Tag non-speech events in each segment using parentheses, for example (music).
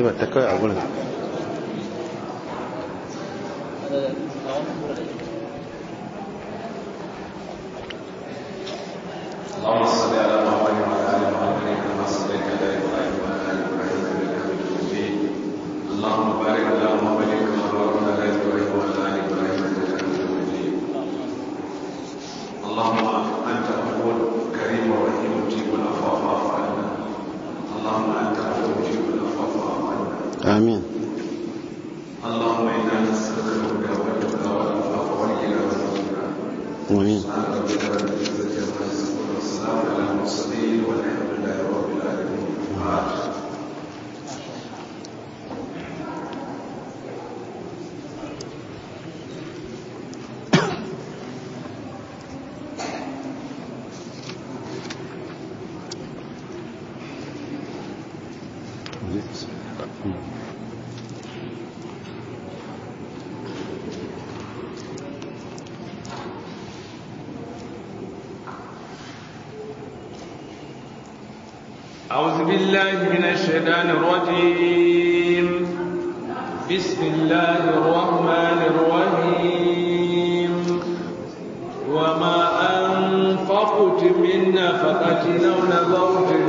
ما التكوى أقولها اللهم صل على محمد وعلى آل محمد كما صليت على إبراهيم وعلى آل إبراهيم إنك حميد مجيد اللهم بارك على محمد كما باركت على إبراهيم وعلى آل إبراهيم إنك حميد مجيد اللهم أنت أخوك كريم آمين اللهم إنا نسألك الهدى والتقى والعفاف والغنى والغنى آمين أعوذ بالله من الشيطان الرجيم بسم الله الرحمن الرحيم وما أنفقت من نفقة أو نذرت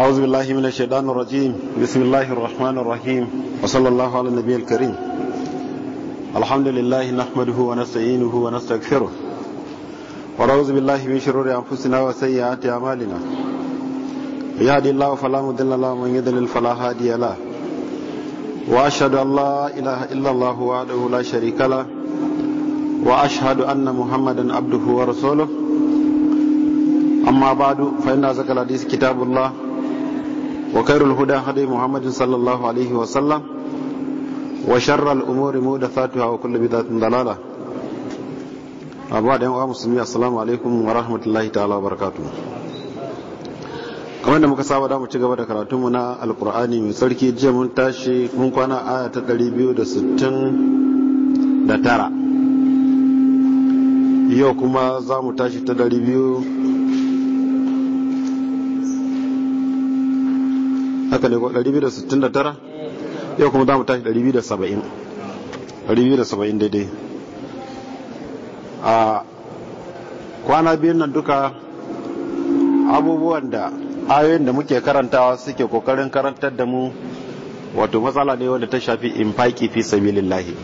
أعوذ بالله من الشيطان الرجيم بسم الله الرحمن الرحيم وصلى الله على النبي الكريم الحمد لله نحمده ونستعينه ونستغفره ونعوذ بالله من شرور أنفسنا وسيئات أعمالنا يهدي الله فلا مضل له ومن يضلل فلا هادي له وأشهد أن لا إله إلا الله وحده لا شريك له وأشهد أن محمدا عبده ورسوله أما بعد فإن أزكى الحديث كتاب الله wa kairul huda محمد muhammadin sallallahu alaihi wa sallam wa محدثاتها وكل mu ضلاله abuwa wa musulmi assalamu alaikum wa rahmatullahi ta'ala wa barakatu kamar da muka saba da mu ci gaba da karatunmu na alkur'ani mai tsarki jiya mun tashi mun kwana aya ta 269 yau kuma za mu tashi ta 200 haka ne ko yau kuma za mu tashi 270 daidai a kwana biyun nan duka abubuwan da ayoyin da muke karantawa suke kokarin karantar da mu wato matsala ne wanda ta shafi infaki fi sabilillahi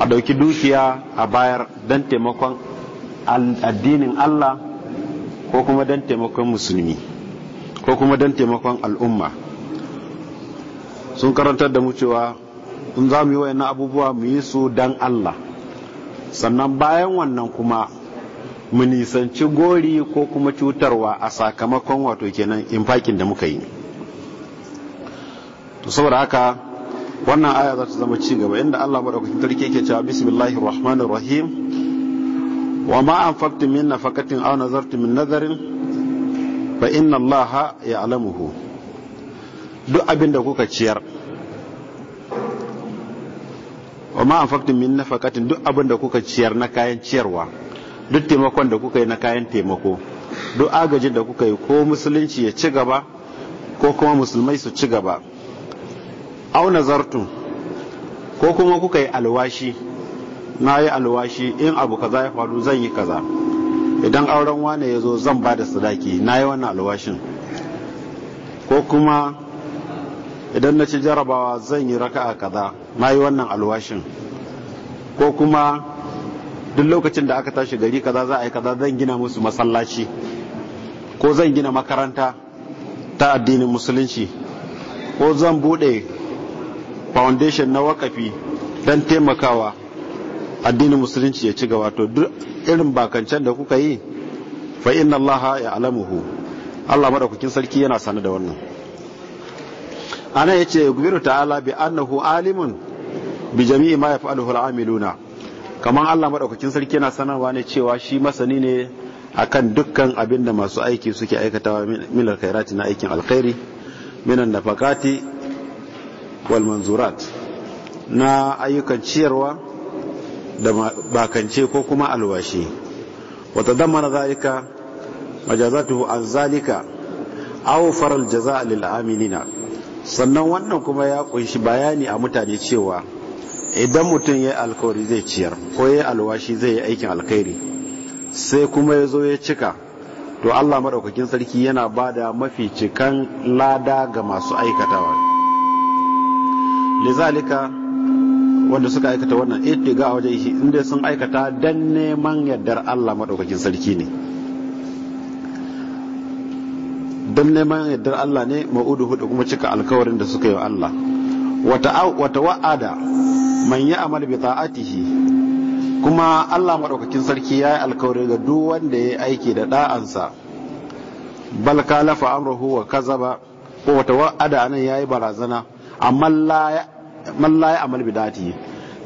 a dauki dukiya a bayar don taimakon addinin Allah ko kuma don taimakon musulmi ko kuma don taimakon al'umma sun karantar da mu cewa in za mu yi wayan abubuwa mu yi su don Allah sannan bayan wannan kuma mu nisanci gori ko kuma cutarwa a sakamakon wato kenan infakin da muka yi to saboda haka wannan aya za ta zama ci gaba inda Allah madaukakin sarki yake cewa bismillahir rahmanir rahim wa ma anfaqtum min nafaqatin aw nazartum min nazarin fa inna ya alamuhu duk abin da kuka ciyar wa ma anfaqtum min nafaqatin duk abin da kuka ciyar na kayan ciyarwa duk taimakon da kuka yi na kayan taimako duk agajin da kuka yi ko musulunci ya ci gaba ko kuma musulmai su ci gaba au nazartu ko kuma kuka yi alwashi na yi alwashi in abu kaza ya faru zan yi kaza idan auren wane ya zo zan ba da sadaki na yi wannan alwashin ko kuma idan na ci jarabawa zan yi raka a kaza na yi wannan alwashin ko kuma duk lokacin da aka tashi gari kaza za a yi kaza zan gina musu masallaci ko zan gina makaranta ta addinin musulunci ko zan bude foundation na wakafi don taimakawa addinin musulunci ya ci gaba to duk irin bakancan da kuka yi fa inna Allah ya alamuhu Allah madaukakin sarki yana sane da wannan ana yace gubiru ta'ala bi annahu alimun bi jami'i ma yaf'aluhu al'amiluna kaman Allah madaukakin sarki yana sanarwa ne cewa shi masani ne akan dukkan abin da masu aiki suke aikatawa min alkhairati na aikin alkhairi minan nafakati wal manzurat na ayyukan ciyarwa da bakance ko kuma alwashi wata damar zalika majazatu an zalika awfar aljaza lil'aminina sannan wannan kuma ya kunshi bayani a mutane cewa idan mutum ya alkawari zai ciyar ko ya alwashi zai yi aikin alkhairi sai kuma ya zo ya cika to Allah maɗaukakin sarki yana ba da mafi cikan lada ga masu aikatawa lizalika wanda suka aikata wannan ittiga wajen shi inda sun aikata dan neman yardar Allah madaukakin sarki ne dan neman yardar Allah ne ma'udu hudu kuma cika alkawarin da suka yi wa Allah wata wa'ada man yi amal bi ta'atihi kuma Allah madaukakin sarki ya yi alkawari ga duk wanda ya aiki da da'ansa bal kalafa amruhu wa kazaba ko wata wa'ada nan yayi barazana amma la man la ya'mal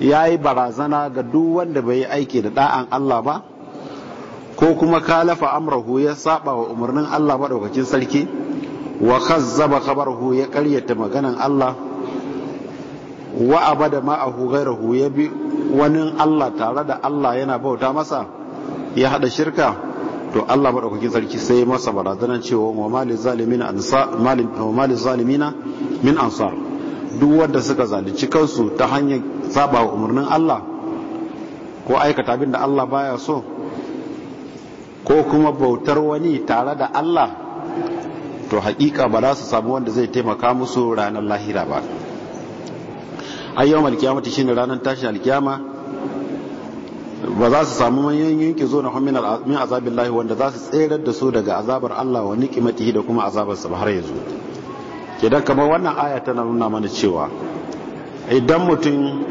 yayi barazana ga duk wanda bai yi aiki da da'an Allah ba ko kuma kalafa amrahu ya saba wa umarnin Allah madaukakin sarki wa khazzaba khabarhu ya karyata maganan Allah wa abada ma'ahu ghairahu ya bi wani Allah tare da Allah yana bauta masa ya hada shirka to Allah madaukakin sarki sai ya masa barazanan cewa wa malil zalimina ansar malil zalimina min ansar duk wanda suka zalunci kansu ta hanyar zaba wa umarnin Allah ko aikata abin da Allah baya so ko kuma bautar wani tare da Allah to hakika ba za su samu wanda zai taimaka musu ranar lahira ba a yau ta shi ne ranar tashin alkiyama ba za su samu manyan yanki zo na min azabin lahi wanda za su tserar da su daga azabar Allah wa kimatihi da kuma azabarsa ba har yanzu idan kamar wannan aya tana nuna mana cewa idan mutum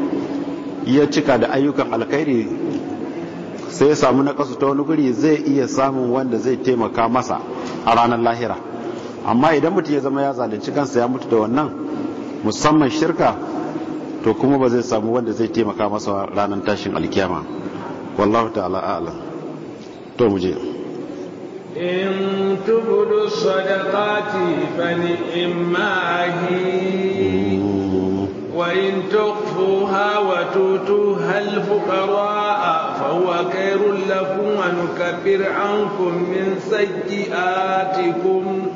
ya cika da ayyukan alkhairi sai ya samu na kasu ta wani guri zai iya samun wanda zai taimaka masa a ranar lahira amma idan mutum ya zama ya zalunci kansa ya mutu da wannan musamman shirka to kuma ba zai samu wanda zai taimaka masa ranar tashin alkiyama wallahu ta'ala a'lam to mu je إن تبدوا الصدقات فنئماه وإن تخفوها وتؤتوها الفقراء فهو خير لكم ونكفر عنكم من سيئاتكم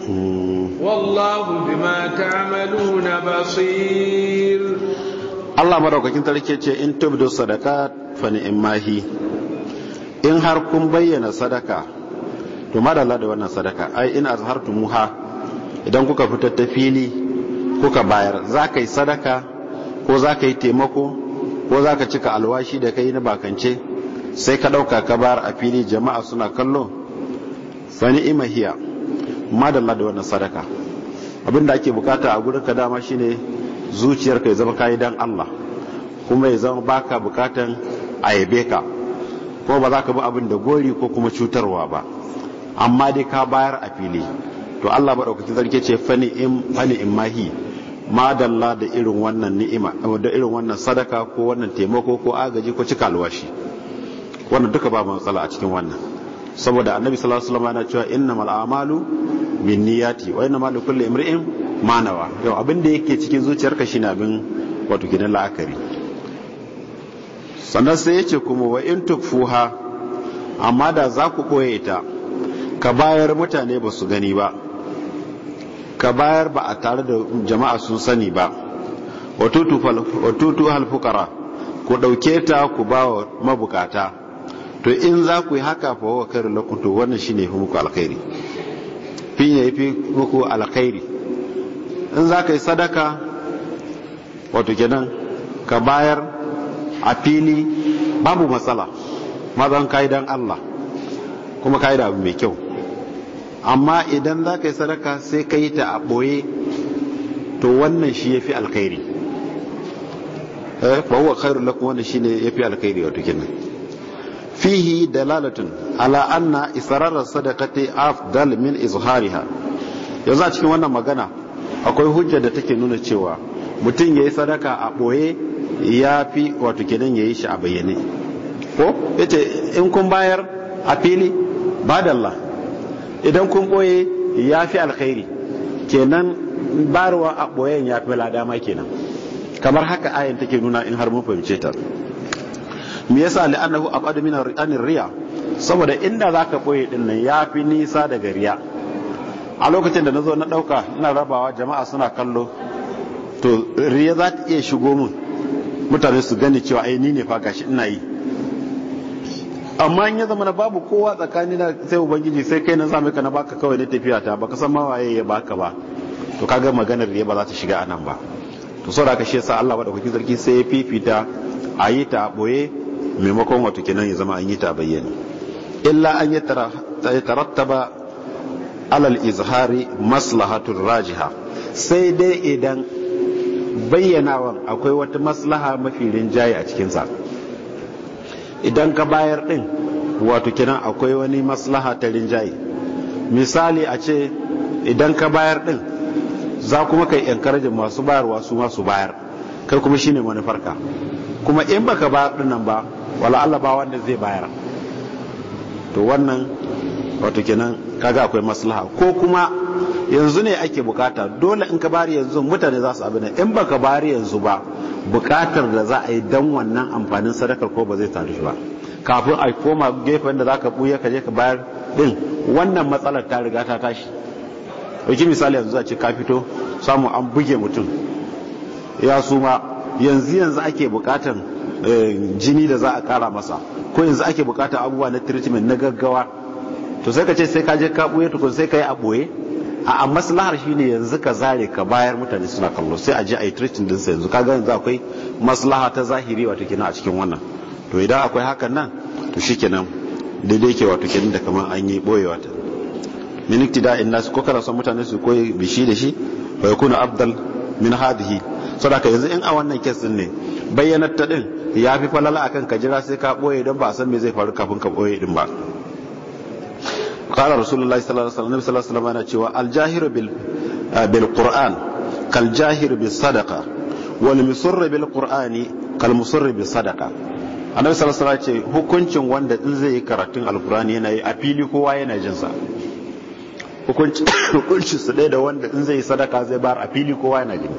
والله بما تعملون بصير Allah madaukakin tarki ce in tubdu sadaka fa ni'mahi in har kun bayyana sadaka to madalla da wannan sadaka ai in muha idan kuka fitar ta fili kuka bayar za ka yi sadaka ko za ka yi taimako ko za ka cika alwashi da kai na bakance sai ka ɗauka ka bayar a fili jama'a suna kallo sani imahiya madalla da wannan sadaka abin da ake bukata a gurin ka dama shine zuciyarka ya zama kayi dan Allah kuma ya zama baka bukatan a yabe ka ko ba za ka bi abin da gori ko kuma cutarwa ba amma dai ka bayar a fili to Allah maɗaukacin sarki ce fani in fani in mahi madalla da irin wannan ni'ima da irin wannan sadaka ko wannan taimako ko agaji ko cika alwashi wannan duka ba matsala a cikin wannan saboda annabi sallallahu alaihi wasallam yana cewa innamal a'malu niyyati wa innamal likulli imri'in ma nawa yau abin da yake cikin zuciyarka shine abin wato gidan la'akari sannan sai yace kuma wa in tukfuha amma da za ku koye ita ka bayar mutane ba su gani ba ka bayar ba a tare da jama'a sun sani ba watutu halfukara ku ɗauke ta ku ba wa mabukata to in za ku yi haka fa wa kairu lakum wannan wannan ne fi muku alkhairi fi ne fi muku alkhairi in za ka yi sadaka wato kenan ka bayar a fili babu matsala mazan ka'idan Allah kuma ka'ida abu mai kyau amma idan za ka yi sadaka sai ka yi ta a ɓoye to wannan shi ya fi alkhairi ba eh, huwa khairu lakum wannan shi ne ya fi alkhairi wato kenan fihi dalalatun ala anna israrar sadaqati afdal min izhariha yanzu a cikin wannan magana akwai hujja da take nuna cewa mutum ya yi sadaka a ɓoye ya fi wato kenan ya yi shi a bayyane ko yace in kun bayar a fili badallah idan kun ɓoye ya fi alkhairi kenan barwa a ɓoyen ya fi ladama kenan kamar haka ayan take nuna in har mun fahimce ta me yasa la'annahu abadu min anir riya saboda inda zaka ɓoye din nan ya fi nisa daga riya a lokacin da na zo na ɗauka ina rabawa jama'a suna kallo to riya za ta iya shigo mun mutane su gani cewa ai ni ne fa gashi ina yi amma in ya zama na babu kowa tsakani na sai ubangiji sai kai na same ka na baka kawai na tafiya ta baka san mawaye ya baka ba to kaga maganar ya ba za ta shiga anan ba to saboda ka shi yasa Allah madaukakin sarki sai ya fifita a yi ta boye maimakon wato kenan ya zama an yi ta bayyana illa an yi tarattaba alal izhari maslahatun rajiha sai dai idan bayyanawan akwai wata maslaha mafi rinjaye a cikin sa idan ka bayar din wato kenan akwai wani maslaha ta rinjaye misali a ce idan ka bayar din za kuma kai encourage masu bayarwa su masu bayar kai kuma shine manufarka kuma in baka bayar din nan ba wala Allah ba wanda zai bayar to wannan wato kenan kaga akwai maslaha ko kuma yanzu ne ake bukata dole in ka bari yanzu mutane za su abin in baka bari yanzu ba bukatar da za a yi dan wannan amfanin sadakar ko ba zai taru shi ba kafin a koma gefen da za ka buya ka je ka bayar din wannan matsalar ta riga ta tashi ɗauki misali yanzu a ce ka fito samu an buge mutum ya suma yanzu yanzu ake bukatar eh, jini da za a kara masa ko yanzu ake bukatar abubuwa na treatment na gaggawa to sai ka ce sai ka je ka buye tukun sai ka yi a ɓoye a maslahar shine yanzu ka zare ka bayar mutane suna kallo sai a je a yi treating din sa yanzu kaga yanzu akwai maslaha ta zahiri wato kenan a cikin wannan to idan akwai hakan nan to shikenan daidai ke wato kenan da kamar an yi boyewa ta min da Inna su ko son mutane su koyi bishi da shi wa kuna abdal min hadhihi saboda yanzu in a wannan kes din ne bayyanar ta din ya fi falala akan ka jira sai ka boye don ba san me zai faru kafin ka boye din ba qala rasulullahi sallallahu alaihi wasallam sallallahu alaihi cewa al-jahiru bil bil qur'an kal jahir bis sadaqa wal musirr bil qur'ani kal musirr bis sadaqa annabi sallallahu alaihi wasallam ce hukuncin wanda in zai yi karatun Alkur'ani yana yi a fili kowa yana jin sa hukuncin su ɗaya da wanda in zai yi sadaka zai bar a fili kowa yana jin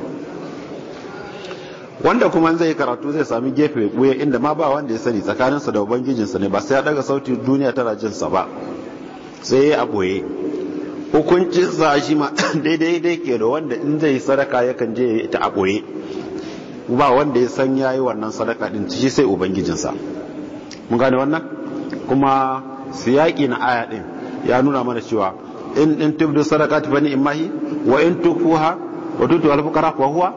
wanda kuma in zai yi karatu zai sami gefe wuya inda ma ba wanda ya sani tsakaninsa da ubangijinsa ne ba sai ya daga sauti duniya tana jinsa ba sai ya boye hukuncin sa shi ma (coughs) daidai dai ke da wanda in zai sadaka yakan je ta a ɓoye ba wanda ya san yayi wannan sadaka din shi sai ubangijinsa mun gane wannan kuma siyaki na aya ɗin ya nuna mana cewa in ɗin tubdu ta fani imahi wa in tukuha wa tutu alfukara fuqara huwa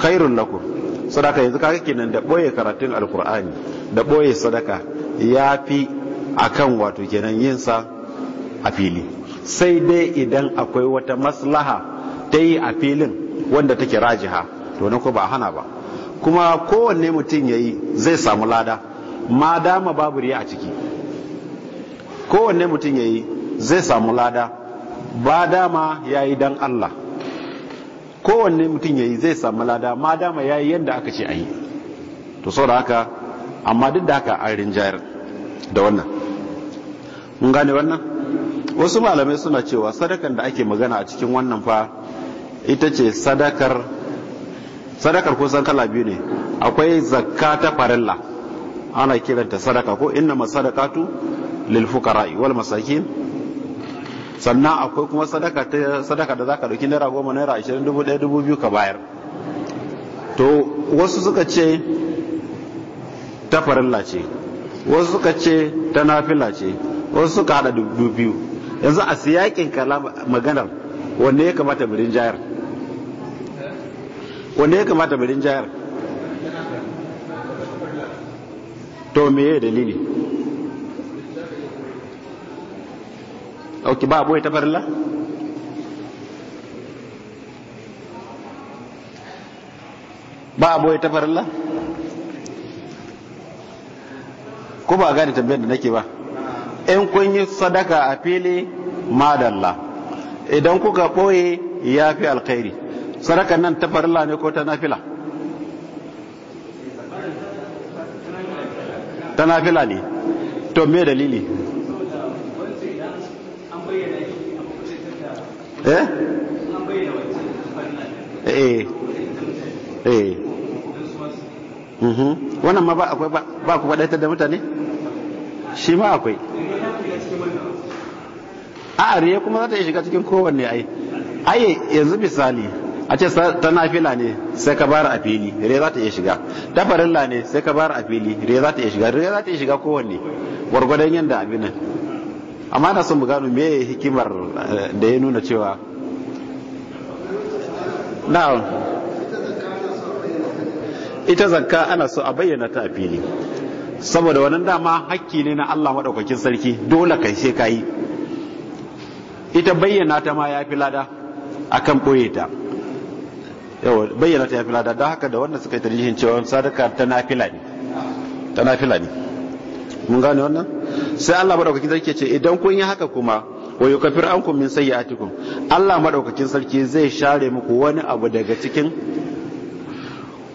khairul laku sadaka yanzu kaga kenan da boye karatun alkur'ani da boye sadaka ya fi akan wato kenan yin sa a fili sai dai idan akwai wata maslaha ta yi a filin wanda take rajiha to na ko ba hana ba kuma kowanne mutum ya yi zai samu lada ma dama babu riya a ciki kowanne mutum ya yi zai samu lada ba dama ya yi don Allah kowanne mutum ya yi zai samu lada ma dama ya yi yadda aka ce a yi to sau da haka amma duk da haka an rinjayar da wannan mun gane wannan wasu malamai suna cewa sadakar da ake magana a cikin wannan fa ita ce sadakar sadakar kusan kala biyu ne akwai zakka ta farilla ana kiranta sadaka ko inna masadaqatu lil fuqara'i wal masakin sannan akwai kuma sadaka ta sadaka da zaka dauki naira goma naira ashirin dubu ɗaya dubu biyu ka bayar to wasu suka ce ta farilla ce wasu suka ce ta nafila ce wasu ka hada dubu biyu yanzu a siyakin kala maganar wanne ya kamata birin jayar wanne ya kamata birin jayar to me ya dalili auki ba abu ya farilla ba abu ya farilla ko ba gane tambayar da nake ba in kun yi sadaka a fili madalla idan kuka ɓoye ya fi alkhairi sadaka nan ta farilla ne ko ta nafila ta nafila ne to me dalili eh eh eh mhm. wannan ma ba akwai ba ku faɗaita da mutane shi ma akwai a ariye kuma za ta iya shiga cikin kowanne ai ai yanzu misali a ce ta nafila ne sai ka bara a fili re za ta iya shiga ta farilla ne sai ka bara a fili re za ta iya shiga re za ta iya shiga kowanne gwargwadon yadda abin nan amma na son mu gano me hikimar eh, da ya nuna cewa na ita zakka ana so a bayyana ta a fili saboda wannan dama hakki ne na Allah maɗaukakin sarki dole kai sai ka yi ita bayyana ta ma ya fi lada akan ɓoye ta yawa bayyana ta ya fi lada don haka da wannan suka yi tarjihin cewa sadaka ta nafila ne ta nafila ne mun gane wannan sai Allah maɗaukakin sarki ce idan kun yi haka kuma wa yukafir ankum min sayyi'atikum Allah maɗaukakin sarki zai share muku wani abu daga cikin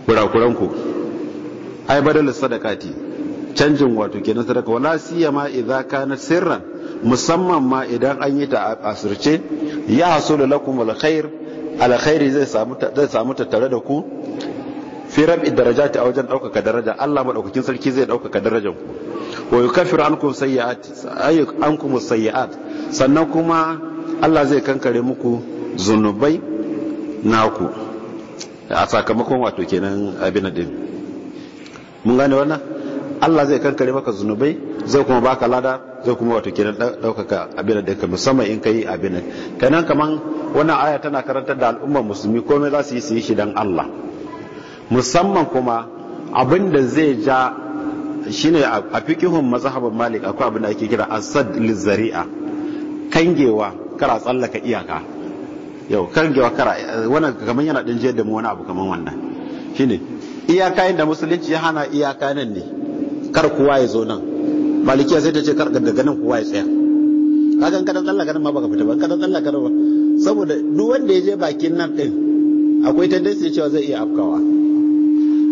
kurakuranku ai badalus sadakati canjin wato kenan sadaka wala siyama idza kana sirran musamman ma idan an yi ta a asirce ya da lakum alkhair alkhairi zai samu zai samu da ku fi rab'i darajati a wajen ɗaukaka daraja Allah madaukakin sarki zai ɗaukaka darajar ku wa yukaffiru ankum sayyi'at ankum sannan kuma Allah zai kankare muku zunubai naku a sakamakon wato kenan abin din mun gane wannan Allah zai kankare maka zunubai zai kuma baka lada zai kuma wato kenan daukaka abin da kai musamman in kai abin kenan kaman wannan aya tana karantar da al'ummar musulmi komai za su yi su yi shi dan Allah musamman kuma abin da zai ja shine a fikihun mazhabin Malik akwai abin da ake kira asad lizari'a kangewa kara tsallaka iyaka yau kangewa kara wannan kaman yana din jiyar da mu wani abu kaman wannan shine iyaka inda musulunci ya hana iyaka nan ne kar kowa ya zo nan malikiya sai ta ce kar daga nan kowa ya tsaya kaga kadan tsallaka nan ma baka fita ba kadan tsallaka nan ba saboda duk wanda ya je bakin nan din akwai tendency cewa zai iya afkawa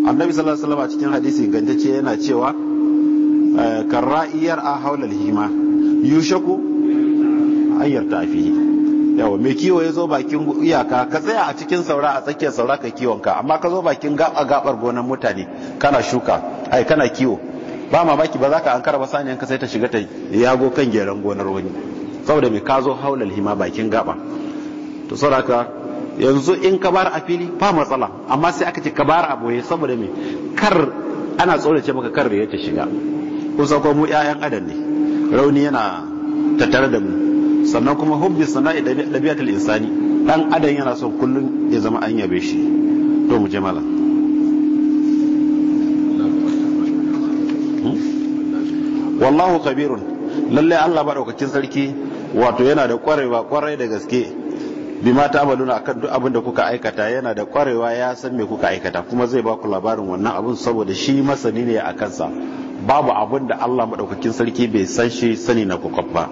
annabi sallallahu alaihi wasallam a cikin hadisi gantacce yana cewa eh, karra'iyar a haulal hima yushaku ayyar tafihi yawa mai kiwo ya zo bakin iyaka ka tsaya a cikin saura a tsakiyar saura ka kiwonka amma ka zo bakin gaba gabar gonar mutane kana shuka ai kana kiwo ba mamaki ba za ka ankara ba ka sai ta shiga ta yago kan geran gonar wani saboda mai ka zo haulal hima bakin gaba to saboda yanzu in ka bar a fili ba matsala amma sai aka ce ka bar a boye saboda mai kar ana tsorace maka kar da ta shiga kusa ko mu ƴaƴan adam ne rauni yana tattare da mu sannan kuma hubbi sana'i dabi'atul insani dan adam yana son kullun ya zama an yabe shi to mu je malam wallahu kabirun lallai Allah madaukakin sarki wato yana da ƙwarewa kwarai da gaske bima ta amaluna akan duk abin da kuka aikata yana da ƙwarewa ya san me kuka aikata kuma zai baku labarin wannan abin saboda shi masani ne a kansa babu abin da Allah maɗaukakin sarki bai san shi sani na kuka ba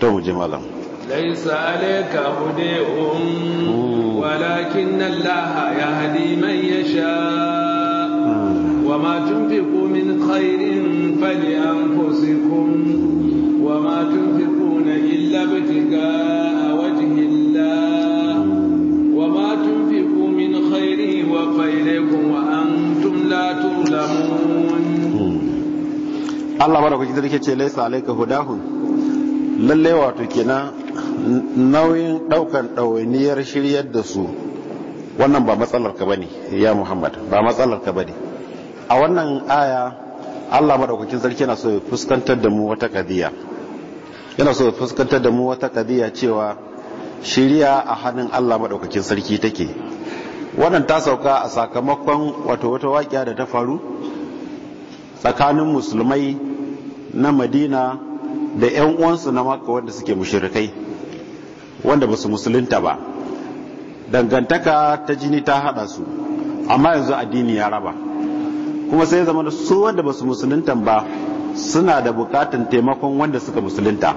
to mu je malam laysa alayka hudeum hmm. walakin Allah hadi man yasha وما تنفقوا من خير فلأنفسكم وما تنفقون إلا ابتغاء وجه الله وما تنفقوا من خير وفيلكم وأنتم لا تظلمون الله بارك kuki ذلك ليس عليك alaika hudahu lalle wato kenan nauyin daukan dawainiyar shiryar da su wannan ba matsalar ka bane ya Muhammad ba matsalar ka bane a wannan aya Allah Maɗaukakin sarki yana so ya fuskantar da mu wata kadiya yana so ya fuskantar da mu wata kadiya cewa shiriya a hannun Allah Maɗaukakin sarki take wannan ta sauka a sakamakon wato wata waƙiya da ta faru tsakanin musulmai na Madina da 'yan uwansu na maka wanda suke mushirikai wanda ba su musulunta ba dangantaka ta jini ta hada su amma yanzu addini ya raba kuma sai zama da su wanda ba su musulunta ba suna da bukatan taimakon wanda suka musulunta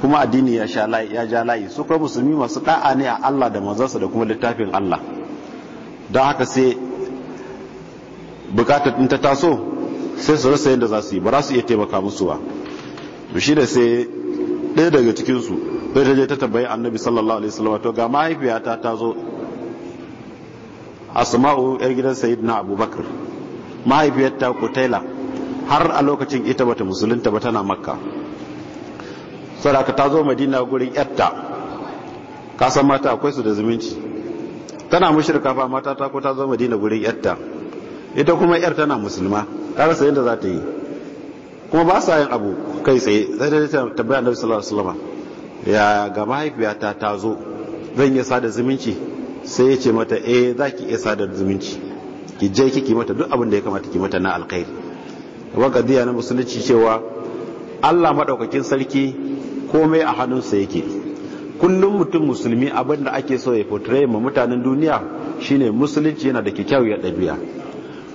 kuma addini ya sha layi ya ja layi su kuma musulmi masu da'a ne a Allah da manzansa da kuma littafin Allah don haka sai bukatar in ta taso sai su rasa yadda za su yi ba za su iya taimaka musu ba to shi da sai ɗaya daga cikinsu su sai ta je ta tambayi annabi sallallahu alaihi wasallam to ga mahaifiyata ta zo asma'u yar gidan sayyidina abubakar mahaifiyar ta taila har a lokacin ita bata musulunta ba tana makka saboda ta zo madina gurin yatta ka san mata akwai su da zumunci tana mushirka fa mata ta ko ta zo madina gurin yatta ita kuma yar tana musulma ƙara rasa yadda za ta yi kuma ba sa yin abu kai tsaye sai dai ta tabbaya annabi sallallahu alaihi wasallam ya ga mahaifiyata ta zo zan yi sada zumunci sai ya ce mata eh zaki iya sada zumunci ki je ki mata duk abin da ya kamata ki mata na alkhairi kamar na musulunci cewa Allah madaukakin sarki komai a hannunsa yake kullum mutum musulmi abin da ake so ya portray ma mutanen duniya shine musulunci yana da kyakkyawar ɗabi'a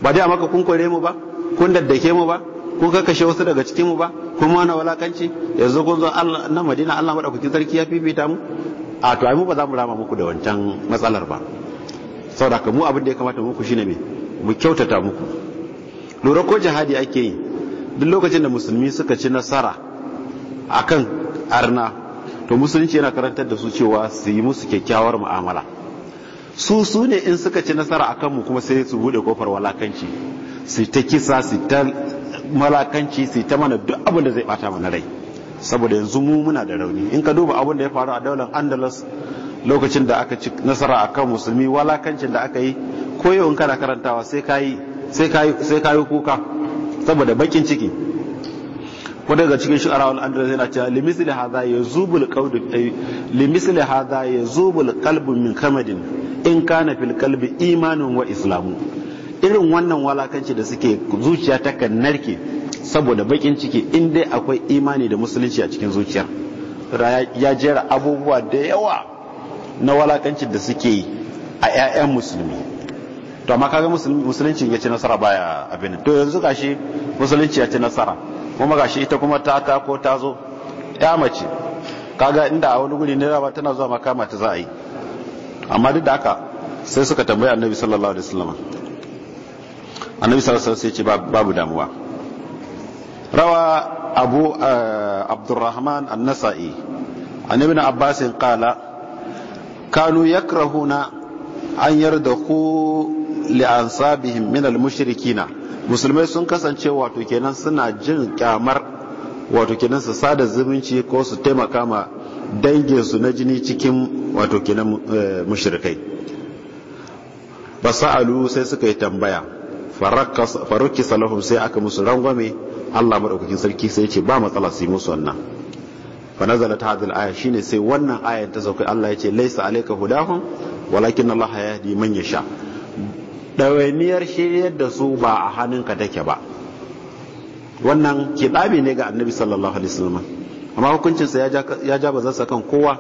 ba dai amma kun kore mu ba kun daddake mu ba kun kashe wasu daga cikin mu ba kun mana walakanci yanzu kun zo Allah na Madina Allah madaukakin sarki ya fifita mu a to ai mu ba za mu rama muku da wancan matsalar ba saboda mu abin da ya kamata muku shine mai mu kyautata muku lura ko jihadi ake yi duk lokacin da musulmi suka ci nasara akan arna to musulunci yana karantar da su cewa su yi musu kyakkyawar mu'amala su su ne in suka ci nasara akan mu kuma sai su bude kofar walakanci su ta kisa su ta malakanci su ta mana duk abin da zai bata mana rai saboda yanzu mu muna da rauni in ka duba abin da ya faru a daular andalus lokacin da aka ci nasara a kan musulmi walakancin da aka yi ko in kana karantawa sai ka yi kuka saboda bakin ciki wadda daga cikin shu'ara wal andalus yana cewa limisli ya yazubul qawdu eh, limisli hadha min kamadin in kana fil kalbi imanin wa islamu irin wannan walakanci da suke zuciya ta kan narke saboda bakin ciki in dai akwai imani da musulunci a cikin zuciya ya jera abubuwa da yawa na walakancin da suke yi a 'ya'yan musulmi to amma kaga musulunci ya ci nasara baya abin to yanzu gashi musulunci ya ci nasara kuma gashi ita kuma ta ta ko ta zo ya mace kaga inda a wani guri ne ba tana zuwa makama ta za a yi amma duk da haka sai suka tambayi annabi sallallahu alaihi wasallam annabi sallallahu alaihi wasallam sai ce babu damuwa rawa abu eh, abdurrahman an-nasa'i an ibn abbas qala kanu yakrahuna an yardahu li ansabihim min al mushrikina musulmai sun kasance wato kenan suna jin kyamar wato kenan su sada zumunci ko su taimaka ma danginsu na jini cikin wato kenan mushrikai ba basa'alu sai suka yi tambaya farukki salahum sai aka musu rangwame Allah madaukakin sarki sai ce ba matsala su yi musu wannan fa nazalat hadhihi al-aya shine sai wannan ayar ta sauka Allah ya ce laysa alayka hudahum walakin Allah yahdi man yasha dawainiyar shiryar da su ba a hannunka take ba wannan ke kidabi ne ga annabi sallallahu alaihi wasallam amma hukuncinsa ya ja bazarsa kan kowa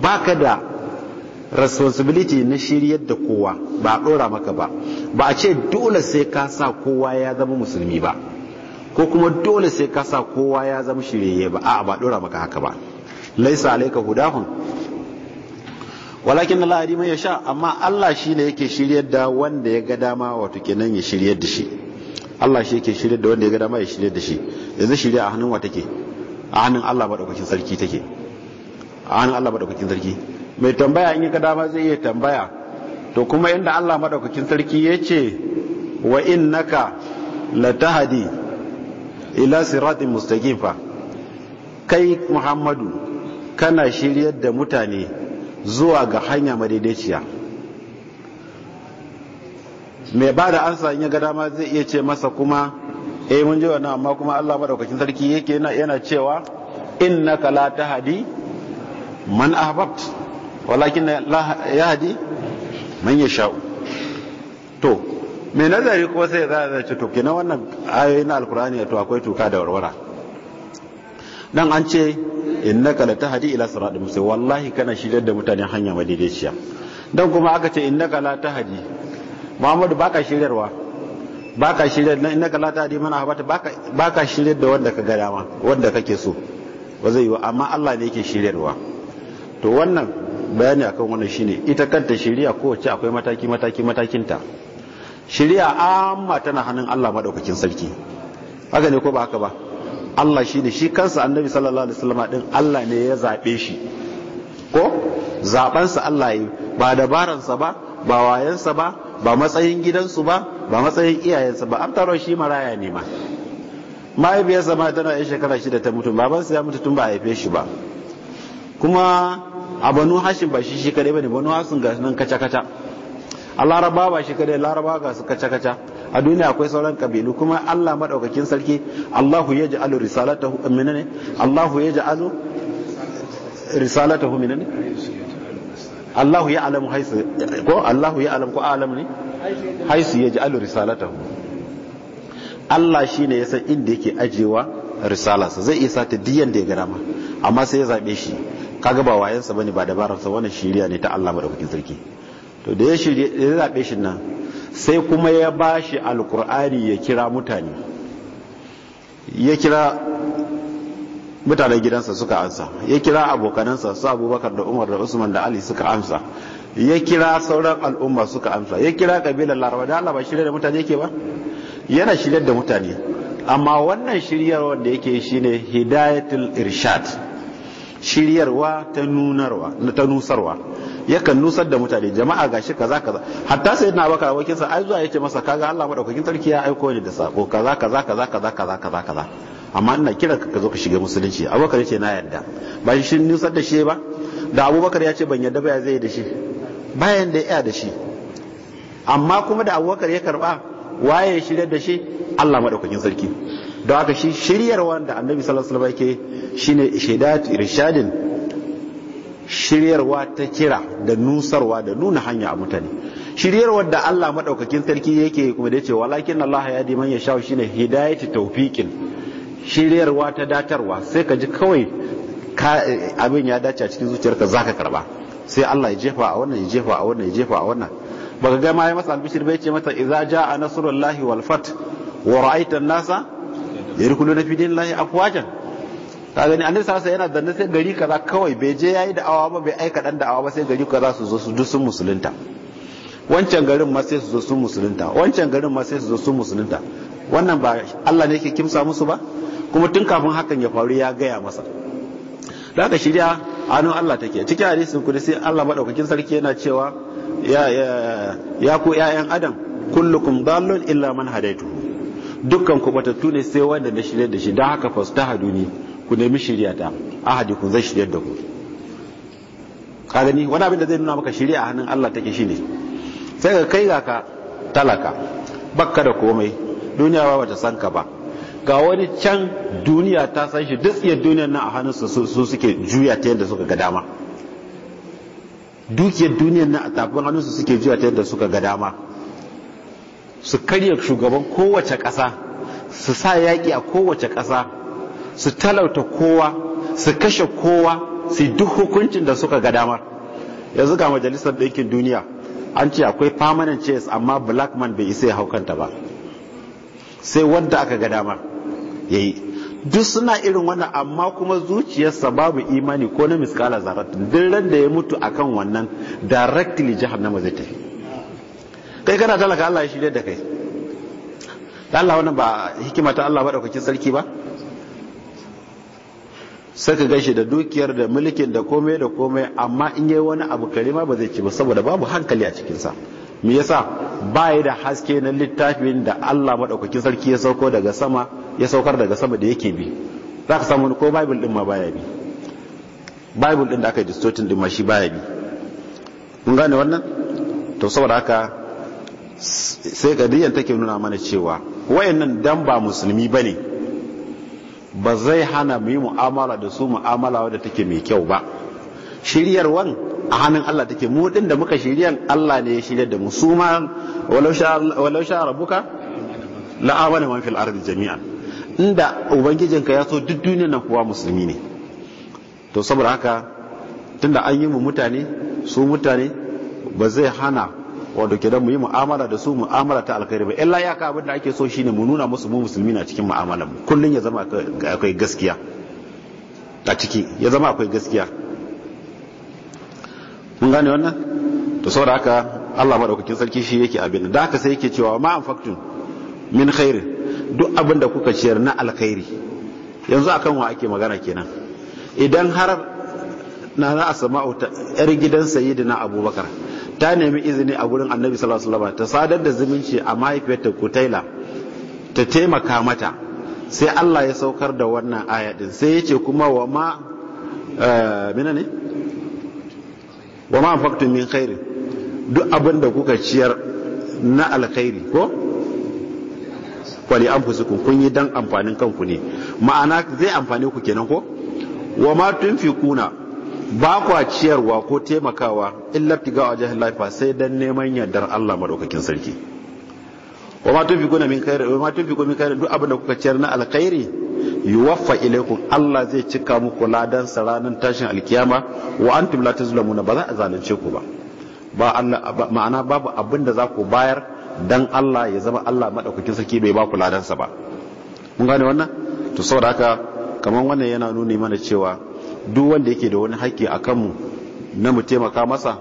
baka da responsibility na shiryar da kowa ba a dora maka ba ba a ce dole sai ka sa kowa ya zama musulmi ba ko kuma dole sai ka sa kowa ya zama shirye ba a'a ba dora maka haka ba laisa alayka hudahun walakin Allah hadi ya sha amma Allah shi ne yake shiryar da wanda ya ga dama wato kenan ya shiryar da shi Allah shi yake shiryar da wanda ya ga dama ya shiryar da shi yanzu shirya a hannun wa take a hannun Allah madaukakin sarki take a hannun Allah madaukakin sarki mai tambaya in ya ga dama zai iya tambaya to kuma inda Allah madaukakin sarki ya ce wa innaka latahdi ila siratin mustaqim fa kai muhammadu kana shiryar da mutane zuwa ga hanya madaidaiciya mai ba da ansa in ya ga dama zai iya ce masa kuma eh mun ji wannan amma kuma Allah madaukakin sarki yake yana yana cewa innaka la tahdi man ahbabt walakin la yahdi man yasha to mai nazari kuma sai za a ce to kenan wannan ayoyi na alkur'ani to akwai tuka da warwara dan an ce innaka latahdi ila siratal mustaqim wallahi kana shidar da mutane hanya madaidaiciya dan kuma aka ce innaka latahdi Muhammadu baka shiryarwa baka shiryar nan innaka latahdi mana habata baka baka shiryar da wanda ka ga dama wanda kake so ba zai yi amma Allah ne yake shiryarwa to wannan bayani akan wannan shine ita kanta shiriya kowace akwai mataki mataki matakinta shari'a amma tana hannun Allah maɗaukakin sarki haka ne ko ba haka ba Allah shi ne. shi kansa annabi sallallahu alaihi wasallam din Allah ne ya zaɓe shi ko zaɓansa Allah yi ba dabaransa ba ba wayansa ba ba matsayin gidansu ba ba matsayin iyayensa ba amtaro shi maraya ne ma mahaifiyarsa ma tana yan shekara shida ta mutu babansa ya mutu tun ba a haife shi ba kuma a banu hashin ba shi shi kadai bane banu hasin ga nan kaca kaca a laraba ba shi kadai laraba ga su kaca kaca a duniya akwai sauran kabilu kuma Allah madaukakin sarki Allahu yaj'alu risalatahu minne Allahu yaj'alu risalatahu minne Allahu ya'lamu haisu ko Allahu ya'lamu ko alam ne haisu yaj'alu risalatahu Allah shine yasan inda yake ajewa risalarsa zai isa ta diyan da ya gara ma amma sai ya zabe shi kaga ba wayansa bane ba dabararsa wannan shiriya ne ta Allah madaukakin sarki to da ya zaɓe shi nan sai kuma ya ba shi alkur'ani ya kira mutane ya kira mutanen gidansa suka ansa ya kira abokanansa su abubakar da umar da usman da ali suka amsa ya kira sauran al'umma suka amsa ya kira kabilar laraba da allah ba shirya da mutane yake ba yana shirya da mutane amma wannan shiryar wanda yake shine hidayatul irshad shiryarwa ta nunarwa ta nusarwa yakan nusar da mutane jama'a gashi kaza kaza hatta sai na baka wakin sa ai zuwa yace masa kaga Allah madaukakin sarki ya aiko ni da sako kaza kaza kaza kaza kaza kaza kaza amma ina kiran ka zo ka shiga musulunci abubakar yace na yarda ba shi nusar da shi ba da abubakar ya ce ban yarda ba ya zai da shi bayan da ya da shi amma kuma da abubakar ya karba waye shirya da shi Allah madaukakin sarki don haka shi shiryar wanda annabi sallallahu alaihi ke shine shaidat irshadin shiryarwa ta kira da nusarwa da nuna hanya a mutane shiryar da Allah madaukakin sarki yake kuma da yace walakin Allah ya di shi ne shine hidayati tawfiqin shiryarwa ta datarwa sai ka ji kawai abin ya dace a cikin zuciyarka zaka karba sai Allah ya jefa a wannan ya jefa a wannan ya jefa a wannan baka ga ma ya masa albishir bai ce mata idza jaa nasrullahi wal fath wa ra'aita an-nasa fidin fi a afwajan Ta gani nisa sai yana zanne sai gari kaza kawai bai je ya yayi awa ba bai aika dan awa ba sai gari kaza su zo su duk sun musulunta wancan garin ma sai su zo sun musulunta wancan garin ma sai su zo sun musulunta wannan ba Allah ne ke kimsa musu ba kuma tun kafin hakan ya faru ya gaya masa da haka shirya hannun Allah take cikin hadisin kudi sai Allah madaukakin sarki yana cewa ya ku 'ya'yan adam kullukum dallun illa man hadaitu dukkan ku batattu ne sai wanda na shirya da shi don haka hadu ne ku nemi shirya ta ahadi ku zai shirya da ku ka gani wani abin da zai nuna maka shirya a hannun Allah take ne, sai ka kai ga ka talaka bakka da komai duniya ba bata san ka ba ga wani can duniya ta san shi duk tsiyar duniyar nan a hannun su suke juya ta yadda suka ga dama dukiyar duniyar nan a tafin hannun su suke juya ta yadda suka ga dama su karya shugaban kowace ƙasa su sa yaƙi a kowace ƙasa su talauta kowa su kashe kowa su duk hukuncin da suka ga damar yanzu ga majalisar ɗinkin duniya an ce akwai permanent chairs amma black man bai isa ya haukanta ba sai wanda aka ga damar ya yi duk suna irin wannan amma kuma zuciyarsa babu imani ko na miskala zarat duk da ya mutu akan wannan directly jihar na tafi kai kana talaka Allah ya shirya da kai da Allah wannan ba hikima ta Allah madaukakin sarki ba sai ka gashi da dukiyar da mulkin da komai da komai amma in yi wani abu karima ba zai ci ba saboda babu hankali a cikinsa me yasa yi da haske na littafin da Allah madaukakin sarki ya sauko daga sama ya saukar daga sama da yake bi za ka samu ko bible din ma baya bi bible din da aka yi distortin din ma shi baya bi kun gane wannan to saboda haka sai kadiyar take nuna mana cewa wayannan dan ba musulmi bane, ba zai hana mu yi mu'amala da su mu'amala wadda take mai kyau ba wan a hannun Allah take mu din da muka shiryan Allah ne ya shiryar da mu su ma walau sha rabuka la amana man fil ardi jami'an inda ubangijinka ya so duk duniyar nan kuwa musulmi ne to saboda haka tunda an yi mu mutane su mutane ba zai hana wato kidan mu yi mu'amala da su mu'amala ta alkhairi ba illa ya ka abin da ake so shine mu nuna musu mu musulmi na cikin mu'amalar mu kullun ya zama akwai gaskiya a ciki ya zama akwai gaskiya mun gane wannan to saboda haka Allah madaukakin sarki shi yake abin da haka sai yake cewa ma anfaqtum min khairin duk abin da kuka ciyar na alkhairi yanzu akan wa ake magana kenan idan har na na asma'u ta yar gidan sayyidina abubakar ta nemi izini a gurin annabi sallallahu alaihi ta sadar da zumunci a mahaifiyarta kutaila ta taimaka mata sai Allah ya saukar da wannan aya din sai ya ce kuma wa ma eh, mina ne wa ma faktum min khairin duk abin da kuka ciyar na alkhairi ko wali anfusukum kun yi dan amfanin kanku ne ma'ana zai amfane ku kenan ko wa ma tunfikuna ba kwa ciyarwa ko taimakawa in tiga a jihar laifa sai dan neman yardar Allah madaukakin sarki wa ma fi min kairi wa ma min duk abin da kuka ciyar na alkhairi yuwaffa ilaikum Allah zai cika muku ladan ranar tashin alkiyama wa antum la tuzlamuna ba za a zalunce ku ba ba Allah ma'ana babu abin da za ku bayar dan Allah ya zama Allah madaukakin sarki bai ba ku ladansa ba mun gane wannan to saboda haka kamar wannan yana nuni mana cewa duk wanda yake da wani haƙƙi a kanmu na mu taimaka masa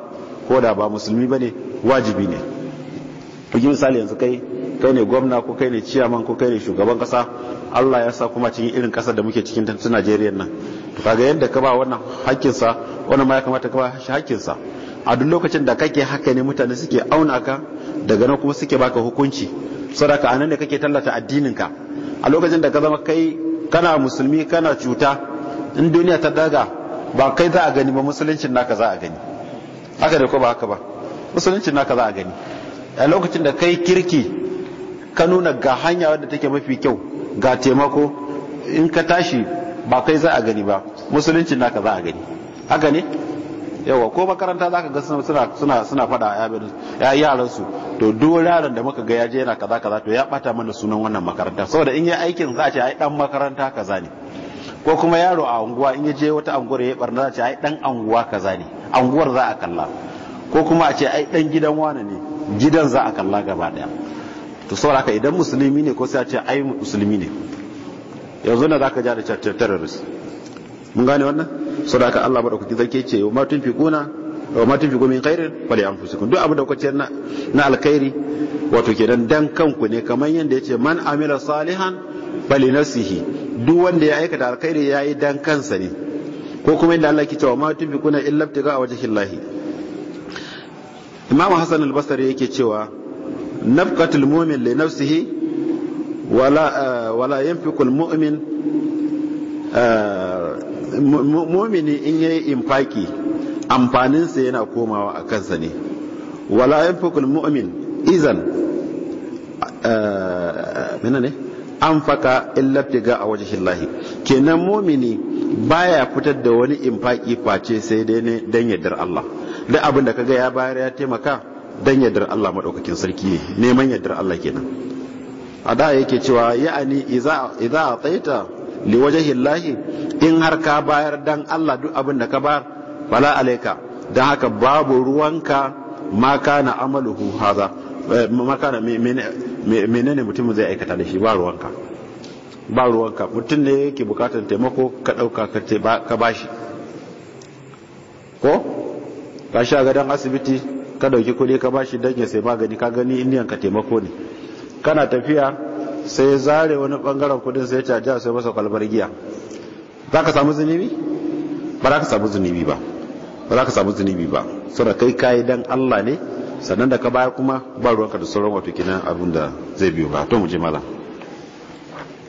ko da ba musulmi ba ne wajibi ne yi misali yanzu kai kai ne gwamna ko kai ne ciyaman ko kai ne shugaban ƙasa. allah ya sa kuma cikin irin ƙasar da muke cikin ta najeriya nan to kaga yadda ka ba wannan haƙƙinsa wannan ma ya kamata ka ba shi haƙƙinsa, a duk lokacin da kake haka ne mutane suke auna ka daga nan kuma suke baka hukunci sadaka a nan ne kake tallata addininka. a lokacin da ka zama kai kana musulmi kana cuta in duniya ta daga ba kai za a gani ba musuluncin naka za a gani haka da ko ba haka ba musuluncin naka za a gani a lokacin da kai kirki ka nuna ga hanya wadda take mafi kyau ga taimako in ka tashi ba kai za a gani ba musuluncin naka za a gani haka ne yawa ko makaranta za ka ga suna suna suna fada a yaran su to duk yaran da muka ga ya je yana kaza kaza to ya bata mana sunan wannan makaranta saboda in yi aikin za a ce ai dan makaranta kaza ne ko kuma yaro a unguwa in je wata anguwar ya barna za ce ai dan unguwa kaza ne unguwar za a kalla ko kuma a ce ai dan gidan wani ne gidan za a kalla gaba daya to saboda haka idan musulmi ne ko sai a ce ai musulmi ne yanzu na zaka ja da terrorist mun gane wannan saboda haka Allah bada madaukaki ke ce ma tunfikuna wa ma fiku min khairin fali anfusikum duk abin da kuka ce na na alkhairi wato kenan dan kanku ne kamar yanda yace man amila salihan fali nafsihi duk wanda ya aikata alkhairi ya yi dan kansa ne ko kuma inda Allah ke cewa ma kuna illa a wajhi Allah Imam Hassan al-Basri yake cewa nafqatul mu'min li nafsihi wala eh, wala yanfiqul mumin eh, mu'mini in yayi infaki amfaninsa yana komawa a kansa ne wala yanfiqul mumin izan eh, menene ne anfaka illa tiga a wajhi Allah kenan mumini baya fitar da wani infaki face sai dai ne dan yardar Allah da abin da kaga ya bayar ya taimaka dan yardar Allah madaukakin sarki ne neman yardar Allah kenan a da yake cewa ya'ani idza idza ataita li wajen Allah in har ka bayar dan Allah duk abin da ka bayar bala alaika dan haka babu ruwanka ma kana amalu haza Eh, makana menene mutum zai aikata da shi ba ruwanka ba ruwanka mutum ne yake bukatar taimako ka dauka ka bashi ko ka sha gadon asibiti ka ɗauki kuɗi ka bashi don ya sai magani ka gani indiyan ka taimako ne kana tafiya sai zare wani bangaren kudin sai ta sai masa kwalbar giya za ka samu zunubi ba za ka samu zunubi ba ba za ka samu zunubi ba suna kai kayi dan allah ne sannan da ka baya kuma ba ruwan ka da sauran wato kina abun da zai biyo ba to mu je mala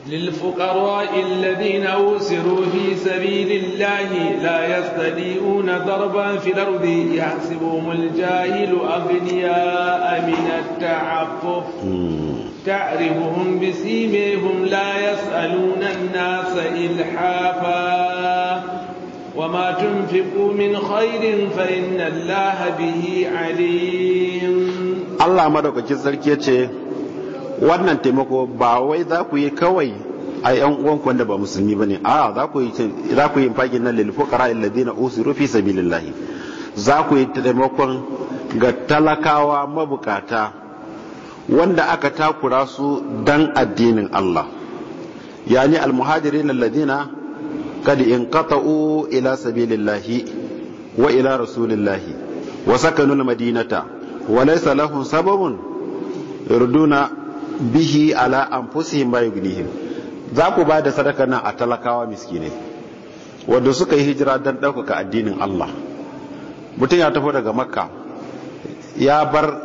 lil fuqara alladhina usiru fi sabilillahi la yastadiuna darban fi darbi yahsibumul jahilu aghniya aminat ta'affuf hmm. ta'rifuhum bi simihim la yasaluna an-nasa ilhafa وما تنفقوا من خير فإن الله به عليم الله madaukakin sarki yace wannan taimako ba wai za ku yi kawai a yan uwanku wanda ba musulmi ne? a za ku yi za na yi fakin nan lil fuqara alladhina usiru fi za ku yi taimakon ga talakawa mabukata wanda aka takura su dan addinin Allah yani almuhajirin alladhina قد انقطعوا إلى sabilillahi wa ila rasulillahi الله madinata المدينة وليس لهم sababun. يردون bihi ala أنفسهم ما يغنيهم za ku ba da sadaka nan a talakawa miskine wanda suka yi hijira don ɗaukaka addinin Allah mutum ya tafi daga makka ya bar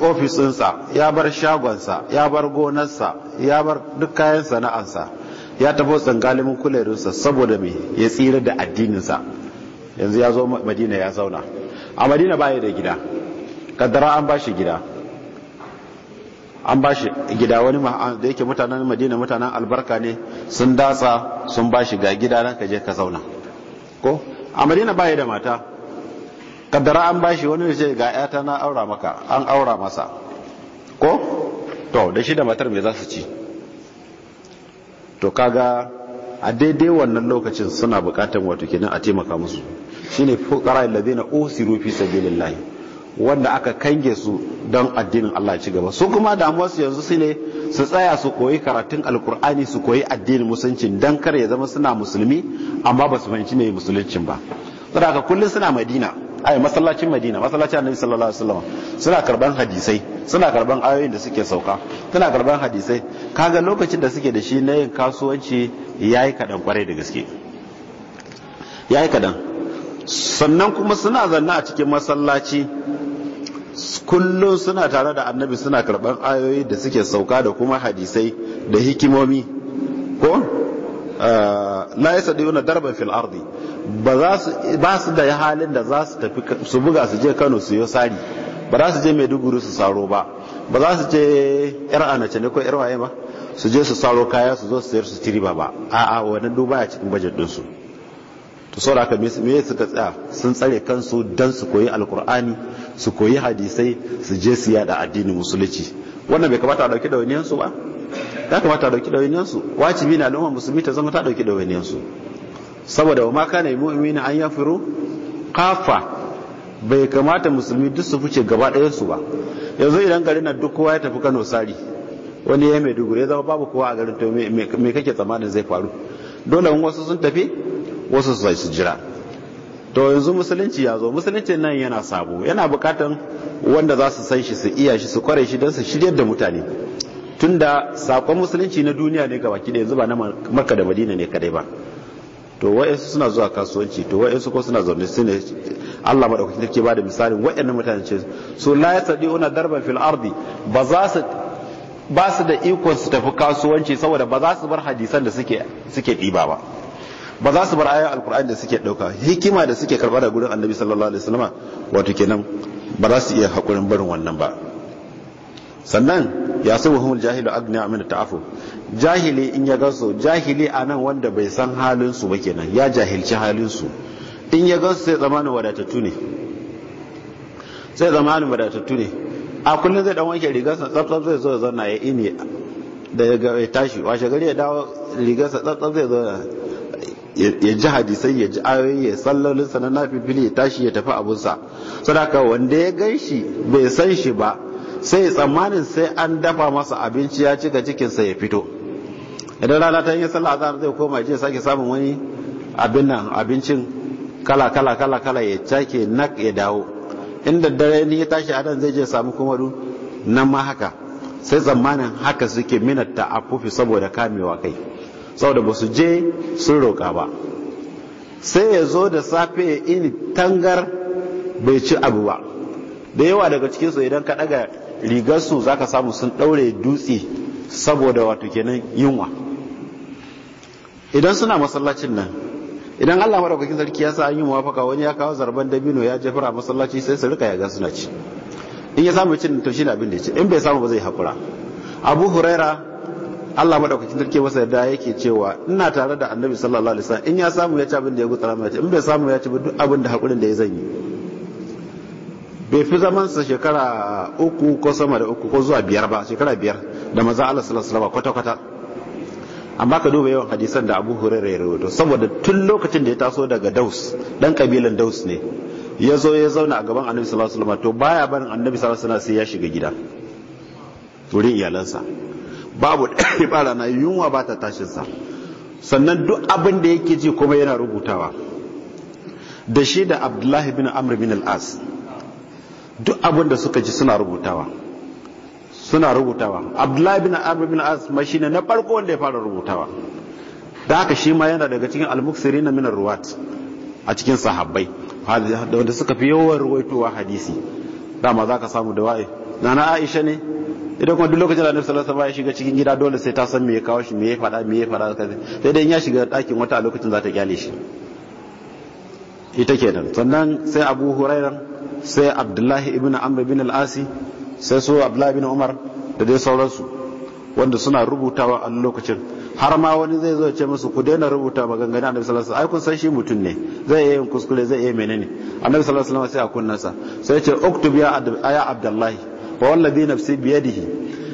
ofisinsa ya bar shagonsa ya bar gonarsa ya bar duk kayan ansa. ya tafi tsangalimin kularinsa saboda mai ya tsira da addininsa yanzu ya zo madina ya zauna a madina baya da gida kaddara an bashi gida an bashi gida wani da yake mutanen madina mutanen albarka ne sun datsa sun bashi ga gida nan ka je ka zauna ko a madina baya da mata kaddara an bashi wani da ce ga yata na aura maka an aura masa ko to da shi da matar me za su ci to kaga a daidai wannan lokacin suna bukatan wato kenan a taimaka musu shine fuqara alladhina usiru fi sabilillah wanda aka kange su don addinin Allah ci gaba su kuma damuwar su yanzu sune su tsaya su koyi karatun alkur'ani su koyi addinin musulunci dan kar ya zama suna musulmi amma ba su fahimci ne musuluncin ba saboda kullum suna madina ai masallacin madina masallacin annabi sallallahu alaihi wasallam suna karban hadisai suna karban ayoyin da suke sauka suna karban hadisai kaga lokacin da suke da shi na yin kasuwanci yayi kadan kwarai da gaske yayi kadan sannan kuma suna zanna a cikin masallaci kullum suna tare da annabi suna karban ayoyi da suke sauka da kuma hadisai da hikimomi ko eh, la yasaduna darban fil ardi ba su da halin da za su tafi su buga su je kano su yi sari ba za su je maiduguri su saro ba ba za su je yar anace ne ko yar waye ba su je su saro kaya su zo su sayar su tiriba ba a'a wannan duba ya cikin bajet ɗinsu to saboda haka me suka tsaya sun tsare kansu dan su koyi alkur'ani su koyi hadisai su je su yada addinin musulunci wannan bai kamata a dauki dawainiyan ba ya kamata a dauki dawainiyan su wajibi na al'umma musulmi ta zama ta dauki dawainiyan saboda wa maka na mu'mina an yafiru kafa bai kamata musulmi duk su fice gaba ɗaya su ba yanzu idan garin na duk kowa ya tafi Kano sari wani ya mai dugure zama babu kowa a garin to me kake tsammanin zai faru dole wasu sun tafi wasu su su jira to yanzu musulunci ya zo musulunci nan yana sabo yana bukatan wanda za su san shi su iya shi su kware shi don su shiryar da mutane tunda sakon musulunci na duniya ne ga baki da yanzu ba na makka da madina ne kadai ba to wa'yansu suna zuwa kasuwanci to wa'yansu ko suna zaune su ne Allah madaukakin take ba da misalin waɗannan mutane ce su la ya sadi una darban fil ardi ba za su ba su da ikon su tafi kasuwanci saboda ba za su bar hadisan da suke suke ɗiba ba ba za su bar ayoyin alkur'ani da suke ɗauka hikima da suke karɓa da gurin annabi sallallahu alaihi wasallama wato kenan ba za su iya haƙurin barin wannan ba sannan ya sabu humul jahilu agniya min ta'afu jahili in ya gansu jahili a nan wanda bai san halinsu ba kenan ya jahilci halinsu in ya gansu sai zamanin wadatattu ne sai zamanin wadatattu ne a kullum zai dan wanke rigarsa tsaf zai zo zanna ya ini da ya tashi washe gari ya dawo rigarsa tsaf zai zo ya ji hadisai ya ji ayoyi ya sa na nafifili ya tashi ya tafi abunsa sadaka wanda ya gan shi bai san shi ba sai tsammanin sai an dafa masa abinci ya cika cikinsa ya fito idan rana ta yi sallah azhar zai koma je sake samun wani abin nan abincin kala kala kala kala ya take nak ya dawo inda dare ne ya tashi adan zai je samu kuma du nan ma haka sai tsammanin haka suke minatta a kufi saboda kamewa kai saboda ba su je sun roƙa ba sai ya zo da safe in tangar bai ci abu ba da yawa daga cikin su idan ka ɗaga rigarsu za ka samu sun daure dutse saboda wato kenan yunwa idan suna masallacin nan idan Allah madaukakin sarki ya sa an yi muwafaka wani ya kawo zarban dabino ya jefar a masallaci sai su rika yaga suna ci in ya samu cin to shine abin da ya in bai samu ba zai hakura Abu Huraira Allah madaukakin sarki masa da yake cewa ina tare da Annabi sallallahu alaihi wasallam in ya samu ya ci abin da ya gutsara mai in bai samu ya ci duk abin da hakurin da ya zanyi bai fi zaman sa shekara uku ko sama da uku ko zuwa biyar ba shekara biyar da maza Allah sallallahu alaihi wasallam kwata-kwata amma ka duba yawan hadisan da abu hurairah ya rawaito saboda tun lokacin da ya taso daga daus dan kabilan daus ne ya zo ya zauna a gaban annabi sallallahu alaihi wasallam to baya barin annabi sallallahu alaihi sai ya shiga gida wurin iyalansa babu fara (coughs) na yunwa ba ta tashin sannan duk abin da yake ji kuma yana rubutawa da shi da abdullahi bin amr bin al-as duk abin da suka ji suna rubutawa suna rubutawa abdullahi bin abu bin as ma shine na farko wanda ya fara rubutawa da haka shi ma yana daga cikin almuksiri na minar ruwat a cikin sahabbai wanda suka fi yawan ruwaitowa hadisi dama za ka samu da waye nana aisha ne idan kuma duk lokacin da annabi sallallahu alaihi ya shiga cikin gida dole sai ta san me ya kawo shi me ya faɗa me ya faɗa sai dai ya shiga ɗakin wata a lokacin za ta kyale shi ita kenan sannan sai abu hurairan sai abdullahi ibn amr bin al-asi sai su abdullahi bin umar da dai sauransu wanda suna rubutawa a lokacin har ma wani zai zo ce musu ku daina rubuta maganganu annabi sallallahu alaihi wasallam ai san shi mutum ne zai iya yin kuskure zai iya menene annabi sallallahu alaihi wasallam sai a kunnansa sai ya ce uktub ya ya abdullahi wa wallazi nafsi biyadihi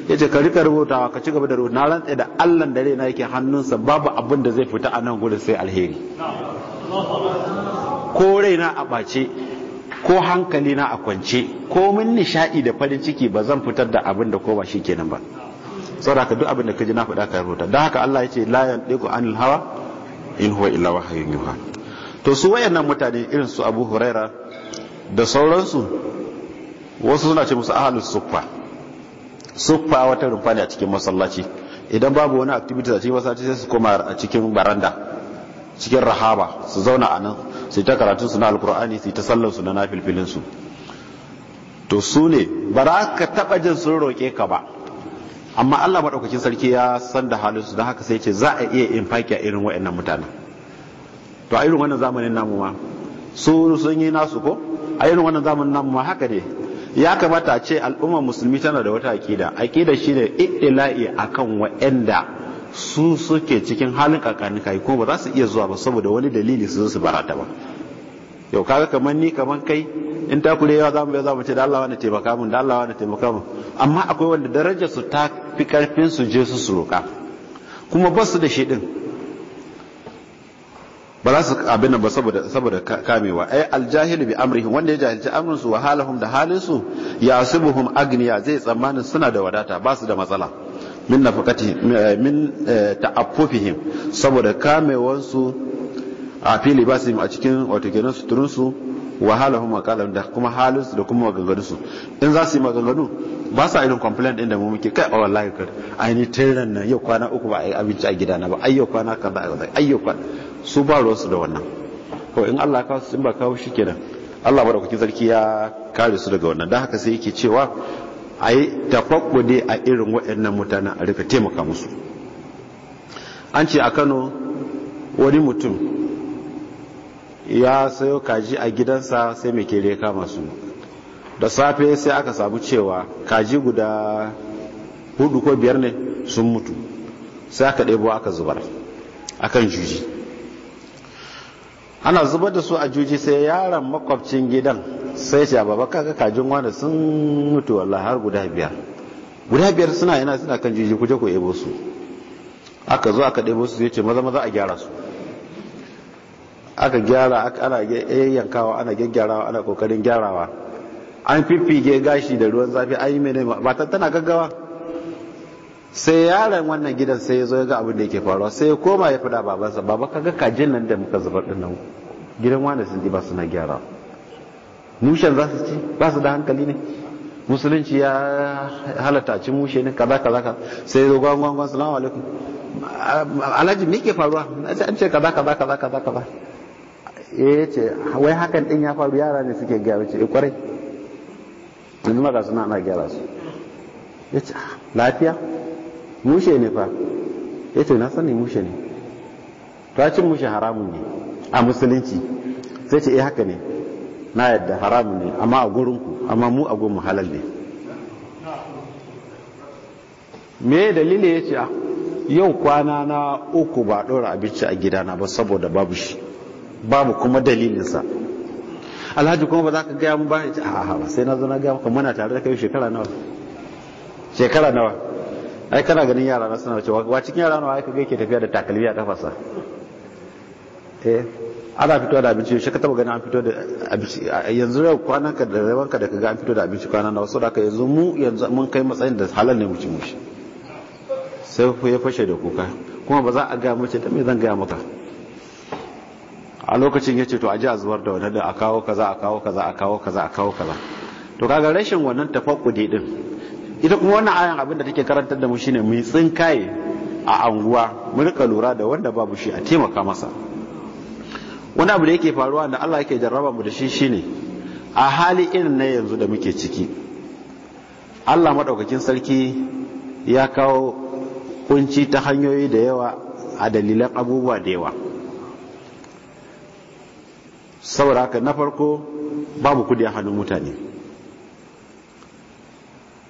yace ka rika rubutawa ka ci gaba da rubuta na rantsa da Allah da raina yake hannunsa babu abin da zai fita a nan gurin sai alheri ko raina a bace. ko hankali na a kwance ko mun nishaɗi da farin ciki ba zan fitar da abin da ko ba shi kenan ba saboda duk abin da ka ji na faɗa ka rubuta don haka Allah ya ce la yantiqu anil hawa in huwa illa wahyun yuha to su wayannan mutane irin su Abu Huraira da sauransu wasu suna ce musu ahlus suffa suffa wata rufa ne a cikin masallaci idan babu wani activity a cikin masallaci sai su koma a cikin baranda cikin rahaba su zauna a nan sai ta karatun su na alkur'ani sai ta sallar su na nafilfilin su to su ne ba za ka taba jin sun roƙe ka ba amma Allah maɗaukakin sarki ya san da halinsu, su don haka sai ce za a iya infaki a irin waɗannan mutanen to a irin wannan zamanin namu ma su sun yi nasu ko a irin wannan zamanin namu ma haka ne ya kamata a ce al'ummar musulmi tana da wata akida akida shine iddila'i akan waɗanda su suke cikin halin kakani kai kuma ba za su iya zuwa ba saboda wani dalili su zo su barata ba yau kaga kamar ni kamar kai in ta kure yawa zamu za mu ce da Allah wani taimaka mun da Allah wani taimaka mun amma akwai wanda darajar su ta fi karfin su je su roka kuma ba su da shi din ba za su abin ba saboda saboda kamewa ai aljahili bi amrihim wanda ya jahilci amrin su wa da halin su yasibuhum agniya zai tsammanin suna da wadata ba su da matsala min nafaqati min eh, ta'affufihim saboda kamewansu a fili basim a cikin wato kenan suturun su wa halahum da kuma halinsu da kuma maganganunsu su in za su yi maganganu ba sa irin complaint din da mu muke kai a oh, wallahi kar ai ni tiran nan yau kwana uku ba ai abinci a gidana ba ai yau kwana kaza kaza ai yau kwana su ba ruwan su da wannan ko in Allah ka su in ba kawo shi kenan Allah kuke sarki ya kare su daga wannan dan haka sai yake cewa a yi dai a irin waɗannan mutanen a rika taimaka musu an ce a kano wani mutum ya sayo kaji a gidansa sai mai kere kama su da safe sai aka samu cewa kaji guda hudu ko biyar ne sun mutu sai aka ɗebo aka zubar akan juji ana zubar da su a juji sai yaron makwabcin gidan sai shi baba kaga kajin wani sun mutu wallah har guda biyar guda biyar suna yana suna kan juji kuje ku ebo su aka zo aka ɗebo su ce maza maza a gyara su aka gyara ana yankawa ana gyaggyarawa ana kokarin gyarawa an fiffige gashi da ruwan zafi ayi mene ba tana gaggawa sai yaron wannan gidan sai ya zo ga abin da yake faruwa sai ya koma ya fada babansa baba kaga kajin nan da muka zubar din nan gidan wanda sun ji ba suna gyara mushen za su ci ba su da hankali ne musulunci ya halatta ci mushe ne kaza kaza ka sai zo gwan gwan salamu alaikum alhaji me ke faruwa an ce kaza kaza kaza kaza kaza eh ce wai hakan din ya faru yara ne suke gyara ce eh, kwarai yanzu ma ga suna ana gyara su ya ce ah, lafiya mushe ne fa ya eh ce na sani mushe ne ta cin mushe haramun ne a musulunci sai ce eh haka ne na yadda haramun ne amma a gurinku amma mu a gurinmu halal ne me dalili ya ce a ah, yau kwana na uku ba ɗora abinci a gidana ba saboda babu shi babu kuma dalilinsa alhaji kuma ba za ka gaya mu ba ya ce a sai na zo na gaya maka muna tare da kai shekara nawa shekara nawa ai kana ganin yara na suna cewa wa cikin yara na aika ga yake tafiya da takalmi a kafasa eh ana fito da abinci shi ka taba ganin an fito da abinci yanzu yau kwanan ka da rawan ka da ga an fito da abinci kwanan na wasu da ka yanzu mu yanzu mun kai matsayin da halal ne mu ci mushi sai ku ya fashe da kuka kuma ba za a ga mace ta me zan ga maka a lokacin yace to a ji a zubar da wani da a kawo kaza a kawo kaza a kawo kaza a kawo kaza to kaga rashin wannan tafakkudi din ita kuma wannan ayan abin da take karantar da mu shine mu tsinkaye a anguwa mu rika lura da wanda babu shi a taimaka masa wani abu da yake faruwa da Allah yake jarraba mu da shi shine a hali irin na yanzu da muke ciki Allah madaukakin sarki ya kawo kunci ta hanyoyi da yawa a dalilan abubuwa da yawa saboda haka na farko babu kudi a hannun mutane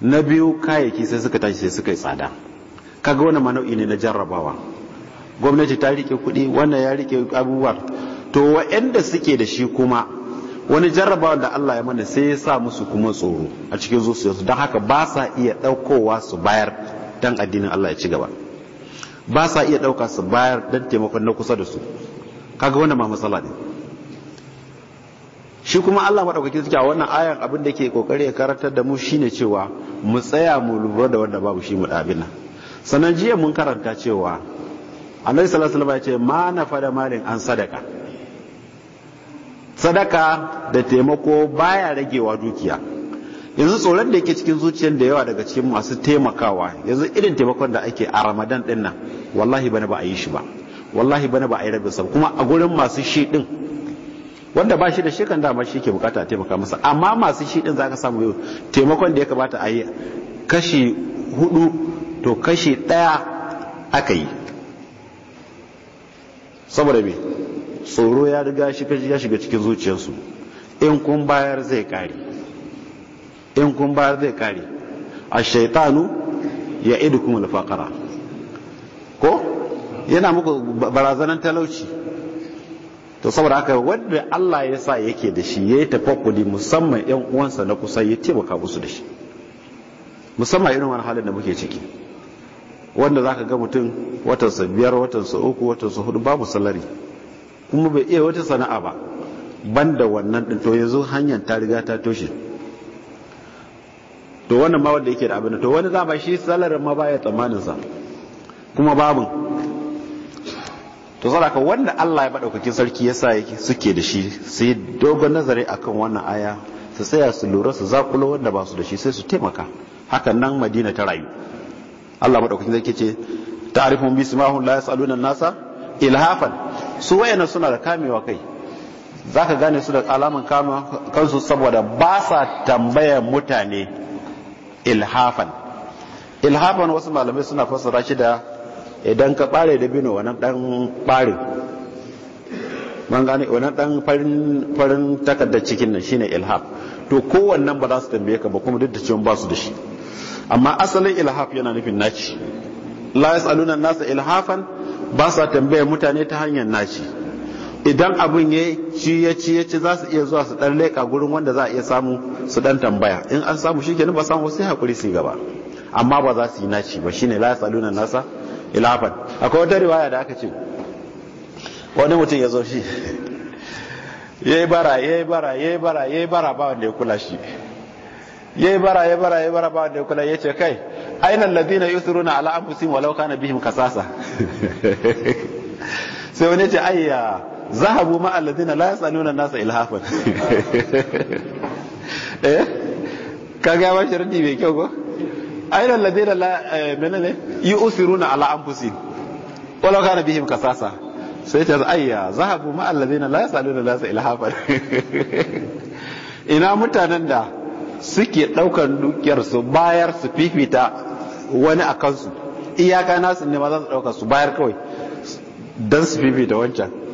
na biyu kayayyaki sai suka tashi sai suka yi tsada kaga wani manau'i ne na jarrabawa gwamnati ta rike kuɗi wannan ya rike abubuwa to wa'anda suke da shi kuma wani jarrabawa da Allah ya mana sai ya sa musu kuma tsoro a cikin zuciyarsu don haka ba sa iya ɗaukowa su bayar don addinin Allah ya ci gaba ba sa iya ɗauka su bayar dan taimakon na kusa da su kaga wannan ma matsala ne shi kuma Allah maɗaukaki suke a wannan ayan abin da ke kokari ya karantar da mu shine cewa mu tsaya mu lura da wanda babu shi mu dabin sannan jiya mun karanta cewa annabi sallallahu alaihi wasallam ya ce ma nafa da malin an sadaka sadaka da taimako baya ragewa dukiya yanzu tsoron da yake cikin zuciyar da yawa daga cikin masu taimakawa yanzu irin taimakon da ake a ramadan din nan wallahi bana ba a yi shi ba wallahi bana ba a yi rabin sa kuma a gurin masu shi din wanda ba shi da shekan dama shi ke bukata a taimaka masa amma masu shi din ka samu yau taimakon da ya kamata a yi kashi hudu to kashi daya aka yi saboda me tsoro ya riga shi ya shiga cikin zuciyarsu in kun bayar zai kare in kun bayar zai kare a shaitanu ya idu kuma ko yana muku barazanar talauci to saboda haka wanda Allah ya sa yake da shi ya yi tafakkuli musamman yan uwansa na kusa ya taimaka musu da shi musamman irin wani halin da muke ciki wanda zaka ga mutum watansa biyar watansa uku watansa hudu babu salari kuma bai iya wata sana'a ba banda wannan din to yanzu hanyar ta riga ta toshe to wannan ma wanda yake da abin to wani zama shi salarin ma baya tsammanin sa kuma babu to ka wanda Allah ya madaukakin sarki ya sa suke da shi sai dogon nazari akan wannan aya su tsaya su lura su zakulo wanda ba su da shi sai su taimaka hakan nan Madina ta rayu Allah madaukakin sarki ce ta'rifun bismahum la yasaluna nasa ilhafan su wayana suna da kamewa kai zaka gane su da alaman kama kansu saboda ba sa tambayar mutane ilhafan ilhafan wasu malamai suna fassara shi da idan ka bare da bino wannan dan bare man gane wannan dan farin farin takardar cikin nan shine ilhaf to kowannen ba za su tambaye ka ba kuma duk da cewa ba su da shi amma asalin ilhaf yana nufin naci la yasaluna nasa ilhafan ba sa tambaye mutane ta hanyar naci idan abun ya ci ya ci za su iya zuwa su dan leka gurin wanda za a iya samu su dan tambaya in an samu shi kenan ba samu sai hakuri su gaba amma ba za su yi naci ba shine la yasaluna nasa ilafan akwai wata riwaya da aka ce wani mutum ya zo shi ya yi bara ya yi bara ya yi bara ya yi bara ba wanda ya kula shi ya yi bara ya yi bara ya yi bara ba wanda ya kula ya ce kai ainihin ladina na ala anfusihim walau kana bihim kasasa (laughs) sai wani ya ce ayya zahabu ma alladina la yasaluna nasa ilhafan (laughs) eh kaga ba ne mai kyau ko ayyul ladina la menene yusiruna ala anfusihim wala kana bihim kasasa sai ta ayya zahabu ma alladina la yasaluna la sa ilhafa ina mutanen da suke daukan dukiyar su bayar su fifita wani akan su iyaka nasu ne ma za su dauka su bayar kawai dan su fifita wancan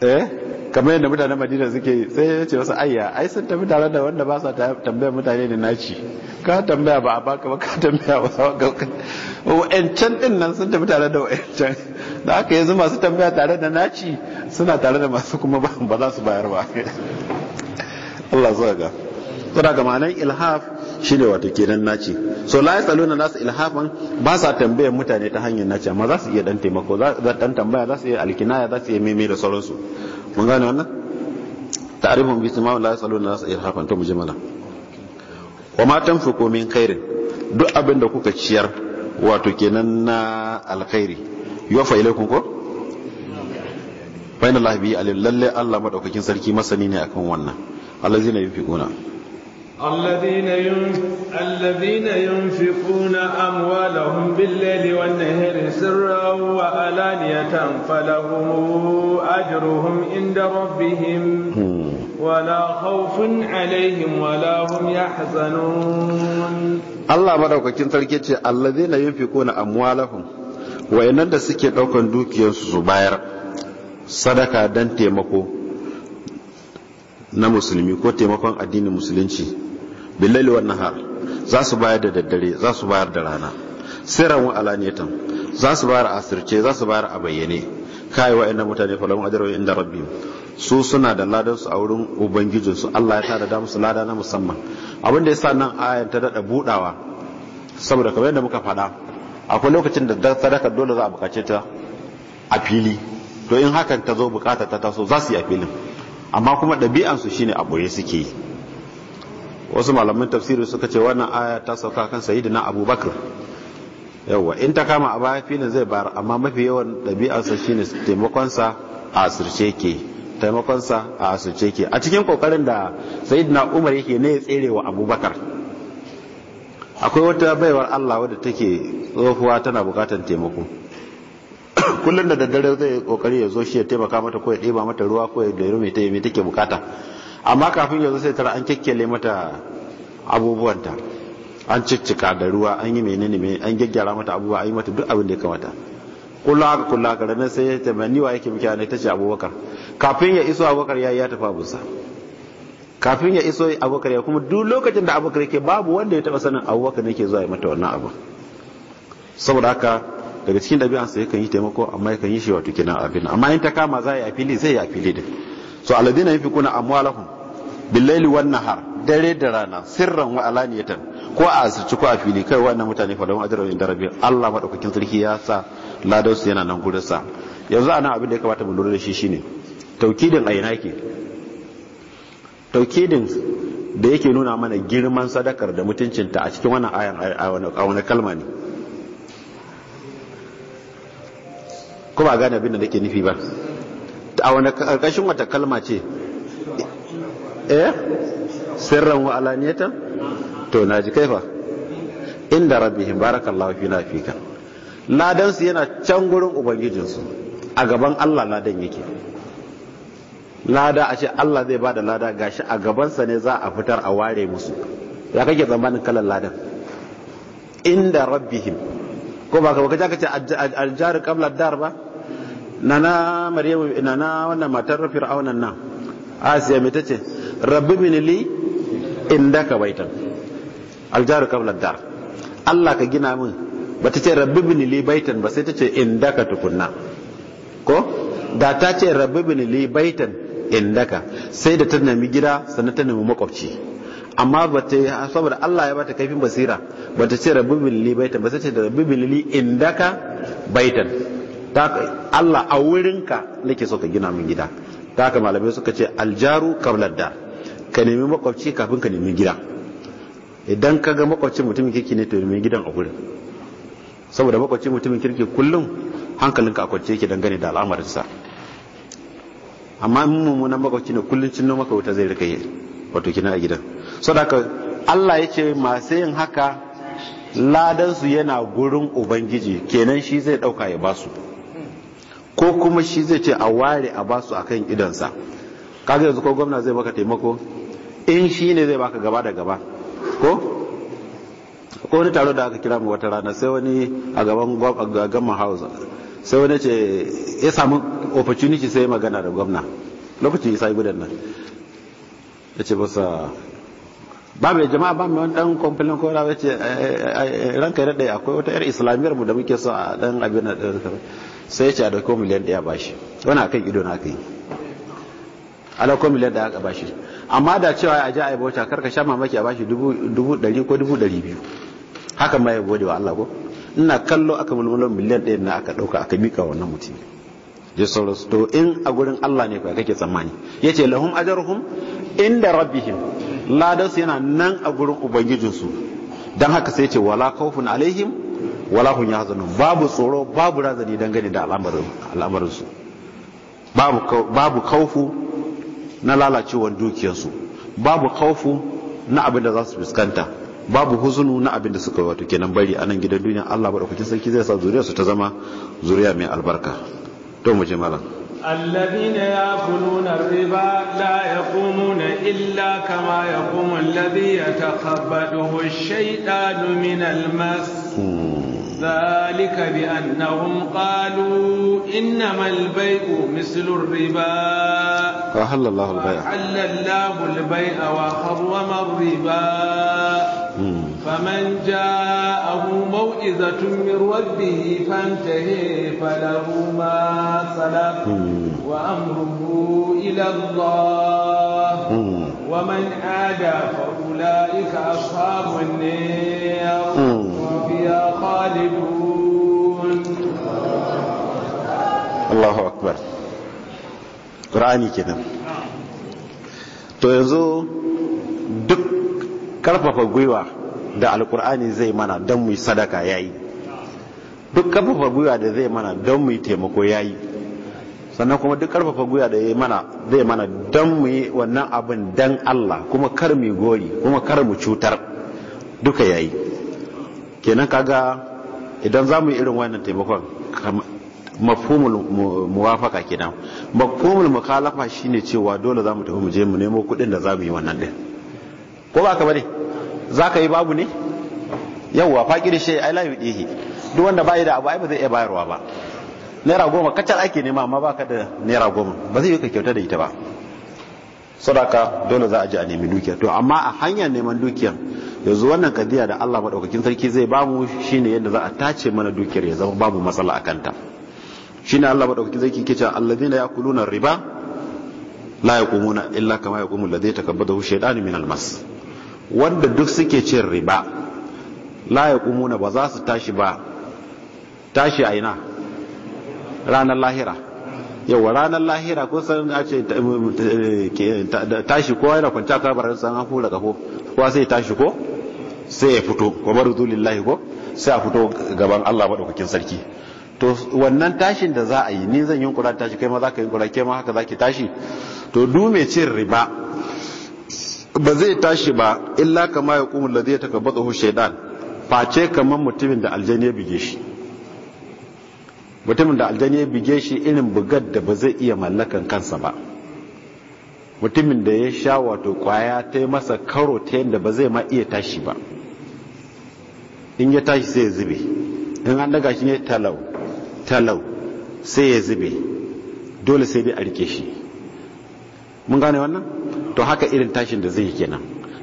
eh kamar yadda mutanen madina suke sai ya ce wasu ayya ai sun tafi tare da wanda ba sa tambaya mutane da naci ka tambaya ba a baka ba ka tambaya ba wa'ancan din nan sun tafi tare da wa'ancan da aka yanzu masu tambaya tare da naci suna tare da masu kuma ba za su bayar ba Allah zuwa ga. ga ma'anar ilhaf ne wato kenan naci so la na nasu ilhafan ba sa tambayar mutane ta hanyar naci amma za su iya dan taimako za dan tambaya za su iya alkinaya za su iya meme da sauransu mun gane wannan ta'rifun bi sama la na nasu ilhafan to mujmala wa ma tanfiqu min khairin duk abin da kuka ciyar wato kenan na alkhairi yufa ilaikum ko bayan biyu bi lalle Allah madaukakin sarki masani ne akan wannan allazina yunfiquna الذين الذين ينفقون أموالهم بالليل والنهر سرا وألانية فلهم أجرهم عند ربهم ولا خوف عليهم ولا هم يحزنون الله مدوكاكين تلكيت الذين ينفقون أموالهم wayannan da suke daukan dukiyarsu su bayar sadaka don na musulmi ko taimakon addinin musulunci billahi wannan nahar za su bayar da daddare za su bayar da rana sirran wa alaniyatan za su bayar a asirce za su bayar a bayyane kai inna mutane falam ajru inda rabbihim su suna da ladan su a wurin ubangijin su Allah ya tada da musu lada na musamman abin da yasa nan ayan ta dada budawa saboda kamar yadda muka faɗa akwai lokacin da sadaka dole za a bukace ta a fili to in hakan ta zo bukata ta taso za su yi a filin amma kuma ɗabi'ansu shine a ɓoye suke yi wasu malamin tafsiri suka ce wannan aya ta sauka kan sayyidina abubakar Yauwa in ta kama a baya filin zai bayar amma mafi yawan ɗabi'arsa shine taimakonsa a asirce ke taimakonsa a asirce ke a cikin kokarin da sayyidina umar yake ne ya tsere wa abubakar akwai wata baiwar allah wadda take tsohuwa tana bukatar taimako (coughs) kullum da daddare zai kokari ya zo shi ya taimaka mata ko ya ɗiba mata ruwa ko ya da mai take bukata amma kafin yanzu sai tara an kekkele mata abubuwanta an ciccika da ruwa an yi menene mai an gyaggyara mata abubuwa an yi mata duk abin da ya kamata kullum haka kullum haka ranar sai ya tabbani niwa yake muke ne ta ce abubakar kafin ya iso abubakar ya yi ya tafi abusa kafin ya iso abubakar ya kuma duk lokacin da abubakar yake babu wanda ya taba sanin abubakar ne ke zuwa ya mata wannan abu saboda haka daga cikin sai kan yi taimako amma yakan yi shi wato kenan abin amma in ta kama za a yi a fili zai yi a fili din so alladina kuna amwalahum billaili wan nahar dare da rana sirran wa alaniyatan ko a asirci ko a fili kai wannan mutane fa a ajrun da rabi Allah madaukakin sarki ya sa ladansu yana nan gurin sa yanzu anan abin da ya kamata mu lura da shi shine taukidin aina ke taukidin da yake nuna mana girman sadakar da mutuncinta a cikin wannan ayan a wani kalma ne kuma gane abin da nake nufi ba a wani karkashin wata kalma ce eh sirran wa alaniyatan to naji kaifa inda rabbihim barakallahu fi nafika ladan su yana can gurin ubangijinsu a gaban Allah ladan yake lada a ce Allah zai bada lada gashi a gabansa ne za a fitar a ware musu ya kake tsammanin kalan ladan inda rabbihim ko ba ka baka ka ce aljaru qabla dar ba nana maryamu nana wannan matar fir'auna nan asiya me tace rabbi min li indaka baitan aljaru qabla dar Allah ka gina min bata ce rabbi min li baitan ba sai ta ce indaka tukunna ko da ta ce rabbi min li baitan indaka sai da ta nemi gida sannan ta nemi makwabci amma bata saboda Allah ya bata kaifin basira bata ce rabbi min li baitan ba sai ta ce rabbi min li indaka baitan Allah a wurinka nake so ka gina min gida ta haka malamai suka ce aljaru qabla da. ka nemi makwabci kafin ka nemi gida idan ka ga makwabcin mutumin kirki ne to nemi gidan a gurin saboda makwabcin mutumin kirki kullum hankalinka a kwance yake dangane da al'amarinsa amma in mummunan makwabci ne kullum cin maka wuta zai rika yi wato kina a gidan saboda Allah ya ce masu yin haka ladansu yana gurin ubangiji kenan shi zai dauka ya basu ko kuma shi zai ce a ware a basu akan idansa kaga yanzu ko gwamna zai baka taimako in shi ne zai baka gaba da gaba ko ko wani taro da aka kira mu wata rana sai wani a gaban gama house sai wani ce ya samu opportunity sai magana da gwamna lokacin isa yi gudan nan ya ce basa ba mai jama'a ba mai wani dan kwamfilin kora ya ce eh, eh, eh, ranka ya daɗe akwai wata 'yar islamiyar mu da muke so a dan abin da sai ya ce a dauko miliyan ɗaya ba shi wani akan ido na aka yi alakon miliyan da aka bashi amma da cewa a ji a yabo kar ka sha mamaki a bashi dubu ɗari ko dubu ɗari biyu haka ma ya gode wa Allah ko ina kallo aka mulmulan miliyan ɗaya na aka ɗauka aka mika wannan mutum ya sauransu to in a gurin Allah ne kawai kake tsammani ya ce lahum in inda rabbihim ladansu yana nan a gurin ubangijinsu Dan haka sai ce wala khawfun alaihim wala hum yahzanun babu tsoro babu razani dangane da al'amarinsu babu babu na lalacewar dukiyarsu babu kaufu na abin da za su fuskanta babu huzunu na abin da suka wato kenan bari a nan gidan duniya Allah madaukakin sarki zai sa zuriyarsu ta zama zuriya mai albarka to mu je malam الذين يأكلون الربا لا يقومون إلا كما يقوم الذي يتخبطه الشيطان من المس ذلك بأنهم قالوا إنما البيع مثل الربا فأحل الله البيع فأحل الله البيع وحرم الربا فمن جاءه موئذة من ربه فانتهي فله ما سلف وأمره إلى الله ومن عاد فأولئك أصحاب النار فيها خالدون الله أكبر قرآني كده to yanzu duk karfafa gwiwa da alkur'ani zai mana don mu sadaka yayi duk karfafa gwiwa da zai mana don mu taimako yayi sannan kuma duk karfafa gwiwa da ya zai mana don mu yi wannan abin don Allah kuma kar mu gori kuma kar mu cutar duka yayi kenan kaga idan za mu yi irin wannan taimakon mafhumul muwafaka kenan mafhumul mukhalafa shine cewa dole za mu tafi mu mu nemo kuɗin da za mu yi wannan ɗin ko ba ka bane za ka yi babu ne yawwa faƙiri shi ai layu ɗihi duk wanda bai da abu ai ba zai iya bayarwa ba naira goma kacal ake nema amma baka da naira goma ba zai yi ka kyauta da ita ba sadaka dole za a ji a nemi dukiya to amma a hanyar neman dukiyar yanzu wannan kadiya da Allah madaukakin sarki zai bamu shine yadda za a tace mana dukiyar ya zama babu matsala a kanta shine Allah madaukakin sarki ke cewa alladhina yakuluna riba la yaqumuna illa kama yaqumul ladhi takabbadahu shaytanu min almas wanda duk suke cin riba la yaqumuna ba za su tashi ba tashi a ina ranar lahira yau ranar lahira ko san a ce eh, tashi kowa yana kwanciya kabarin san an fura kafo kowa sai tashi ko sai ya fito ko barudu lillahi ko sai a fito gaban Allah madaukakin sarki to wannan tashin da za a yi ni zan yi kura tashi kai ma za ka yi kura kai ma haka za ki tashi to du mai cin riba ba zai tashi ba illa kama ya kumul ladhi yatakabbathu shaydan face kaman mutumin da aljani ya bige shi mutumin da aljani ya bige shi irin bugar da ba zai iya mallakan kansa ba mutumin da ya sha wato kwaya ta yi masa karo ta yadda ba zai ma iya tashi ba in ya tashi sai ya zube in an daga shi ne talau talau sai ya zube dole sai dai a rike shi mun gane wannan to haka irin tashin da zai kenan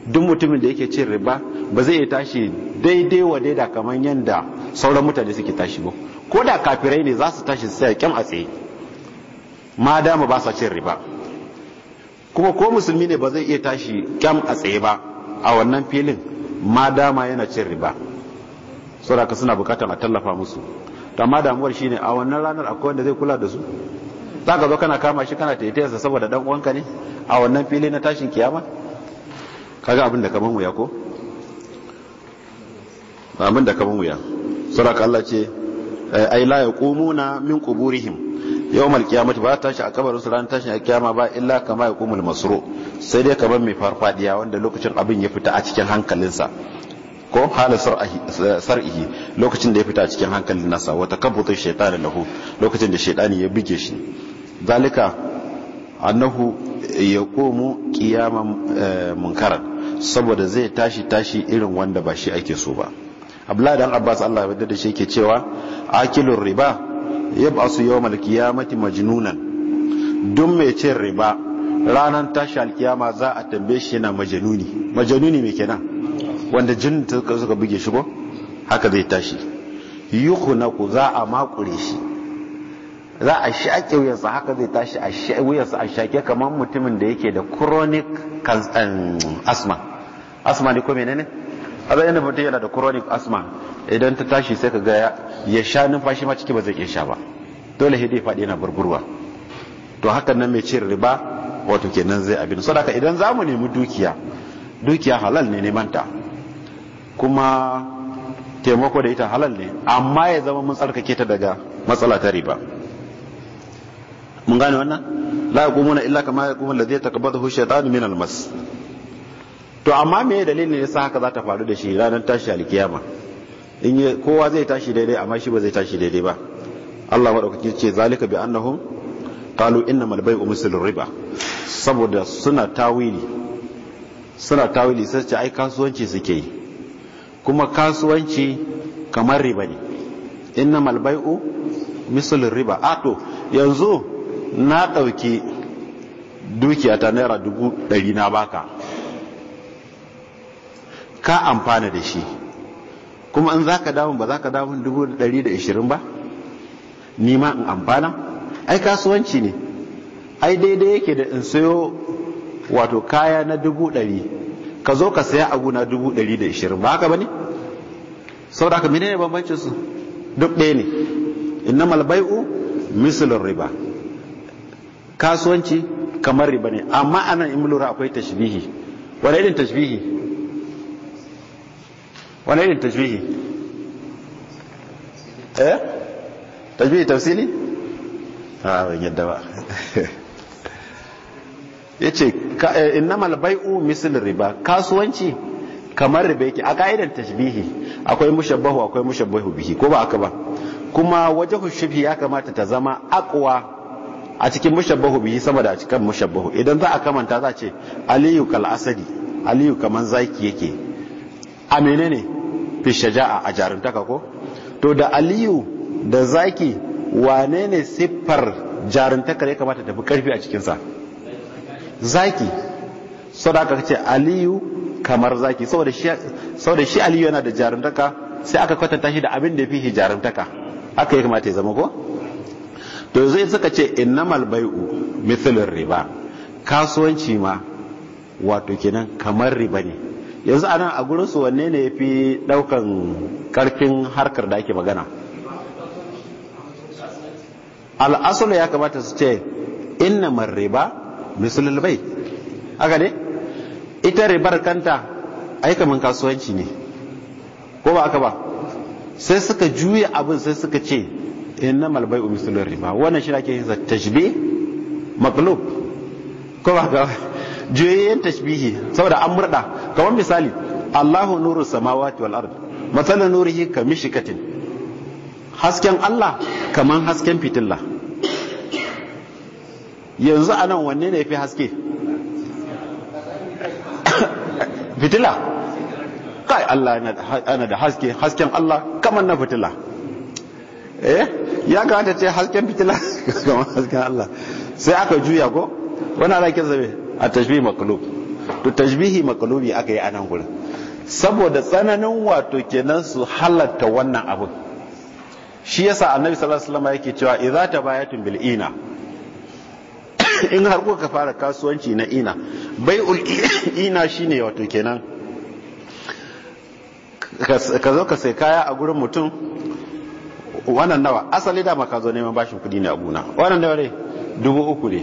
duk mutumin da yake cin riba ba zai iya tashi daidai wa daida kamar yadda sauran mutane suke tashi ba ko da kafirai ne za su tashi su tsaya kyam a tsaye ma dama ba sa cin riba kuma ko musulmi ne ba zai iya tashi kyam a tsaye ba a wannan filin ma dama yana cin riba sauraka suna bukatar a tallafa musu to ma damuwar shine a wannan ranar akwai wanda zai kula da su za ka zo kana kama shi kana taitayarsa saboda dan uwanka ne a wannan fili na tashin kiyama kaga abin da kaman wuya ko abin da kaman wuya saboda Allah ce ai la yaqumuna min quburihim yawmal qiyamati ba tashi a kabarin su ran tashi a kiyama ba illa kama yaqumul masru sai dai kaman mai farfadiya wanda lokacin abin ya fita a cikin hankalinsa ko hala sar'ihi lokacin da ya fita a cikin hankalin nasa wata takabbutu shaytan lahu lokacin da shaytani ya buge shi zalika annahu yaqumu qiyamam eh, munkaran saboda zai tashi tashi irin wanda ba shi ake so ba abla dan abbas Allah ya da shi yake cewa akilur riba yab'asu yawmal qiyamati majnunan duk mai cin riba ranar tashi alkiyama za a tambaye shi yana majanuni majanuni mai kenan wanda jin suka buge shi ko haka zai tashi ku za a makure shi za a shaƙe wuyansa haka zai tashi a wuyansa a shaƙe kamar mutumin da yake da chronic um, asma asma ne ko menene ne azan yana mutum yana da chronic asma idan ta tashi sai ka ga ya sha numfashi ma ciki ba zai iya sha ba dole sai dai faɗi yana burburwa to hakan nan mai cin riba wato kenan zai abin ka idan za mu nemi dukiya dukiya halal ne neman ta kuma taimako da ita halal ne amma ya zama mun tsarkake ta daga matsala ta riba mun gane wannan la yaqumuna illa kama yaqumul ladhi taqabbadahu shaytanu min al-mas to amma me dalilin ne sa haka za ta faru da shi ranar tashi alkiyama in kowa zai tashi daidai amma shi ba zai tashi daidai ba Allah madaukaki ce zalika bi annahum qalu mal bai'u mislu riba saboda suna tawili suna tawili sai ce ai kasuwanci suke yi kuma kasuwanci kamar riba ne mal bai'u mislu riba a to yanzu na dauki dukiyata naira dubu ɗari na baka ka amfana da shi kuma in za ka damun ba za ka damun 120 ba ni ma in amfana ai kasuwanci ne ai daidai yake da in sayo wato kaya na 100 ka zo ka saya abu na 120 ba haka ba ne saboda haka ne bambancin su duk ɗaya ne innamal malbai'u mislur riba kasuwanci kamar riba ne amma anan in lura akwai tashbihi wani irin tashbihi wani irin tajbihi eh tajbihi tausili? ha ah, ban yadda ba (laughs) ce eh, innamal bai'u misil riba kasuwanci kamar riba yake a ka'idar tashbihi akwai mushabbahu akwai mushabbahu bihi ko ba aka ba kuma wajhu shibhi ya kamata ta zama aqwa a cikin mushabbahu bihi sama da cikin mushabbahu idan za a kamanta za a ce aliyu kal asadi aliyu kaman zaki yake a menene fi shaja'a a jarumtaka ko to da aliyu da zaki wane ne siffar jarumtakar ya kamata tafi karfi a cikinsa zaki sadaka ce aliyu kamar zaki saboda shi aliyu yana da jarumtaka sai aka kwatanta shi da abin da ya fi jarumtaka aka yi kamata ya zama ko to zai suka ce innamal bai'u mithlur riba kasuwanci ma wato kenan kamar riba ne yanzu a nan a gurinsu wanne ne ya fi daukan karfin harkar da ake magana al'asulu ya kamata su ce inna ba misulul bai haka ne ita ribar kanta aikamin kasuwanci ne ko ba aka ba sai suka juya abin sai suka ce inna malbai misulul riba wannan shi ake yin tashbi maqlub ko ba ka juyayyen tashbihi saboda an murda kamar misali Allahu nuru samawati wal ard matsalan nurihi ka mishikatin hasken Allah kamar hasken fitilla yanzu a nan wanne ne fi haske (coughs) fitila kai Allah yana da haske hasken Allah kamar na fitila eh ya kamata ce hasken fitila (laughs) kamar hasken Allah sai aka juya ko wani alaƙin zabe a tashbihi maqlub to tashbihi maqlubi aka yi a nan gurin saboda tsananin wato kenan su halatta wannan abu shi yasa annabi sallallahu alaihi wasallam yake cewa idza tabayatun bil ina (coughs) in har kuka fara kasuwanci na ina bai'ul (coughs) ina shine wato kenan ka zo ka sai kaya a gurin mutum wannan nawa asali dama ka zo neman bashin kudi ne a guna wannan nawa ne dubu uku ne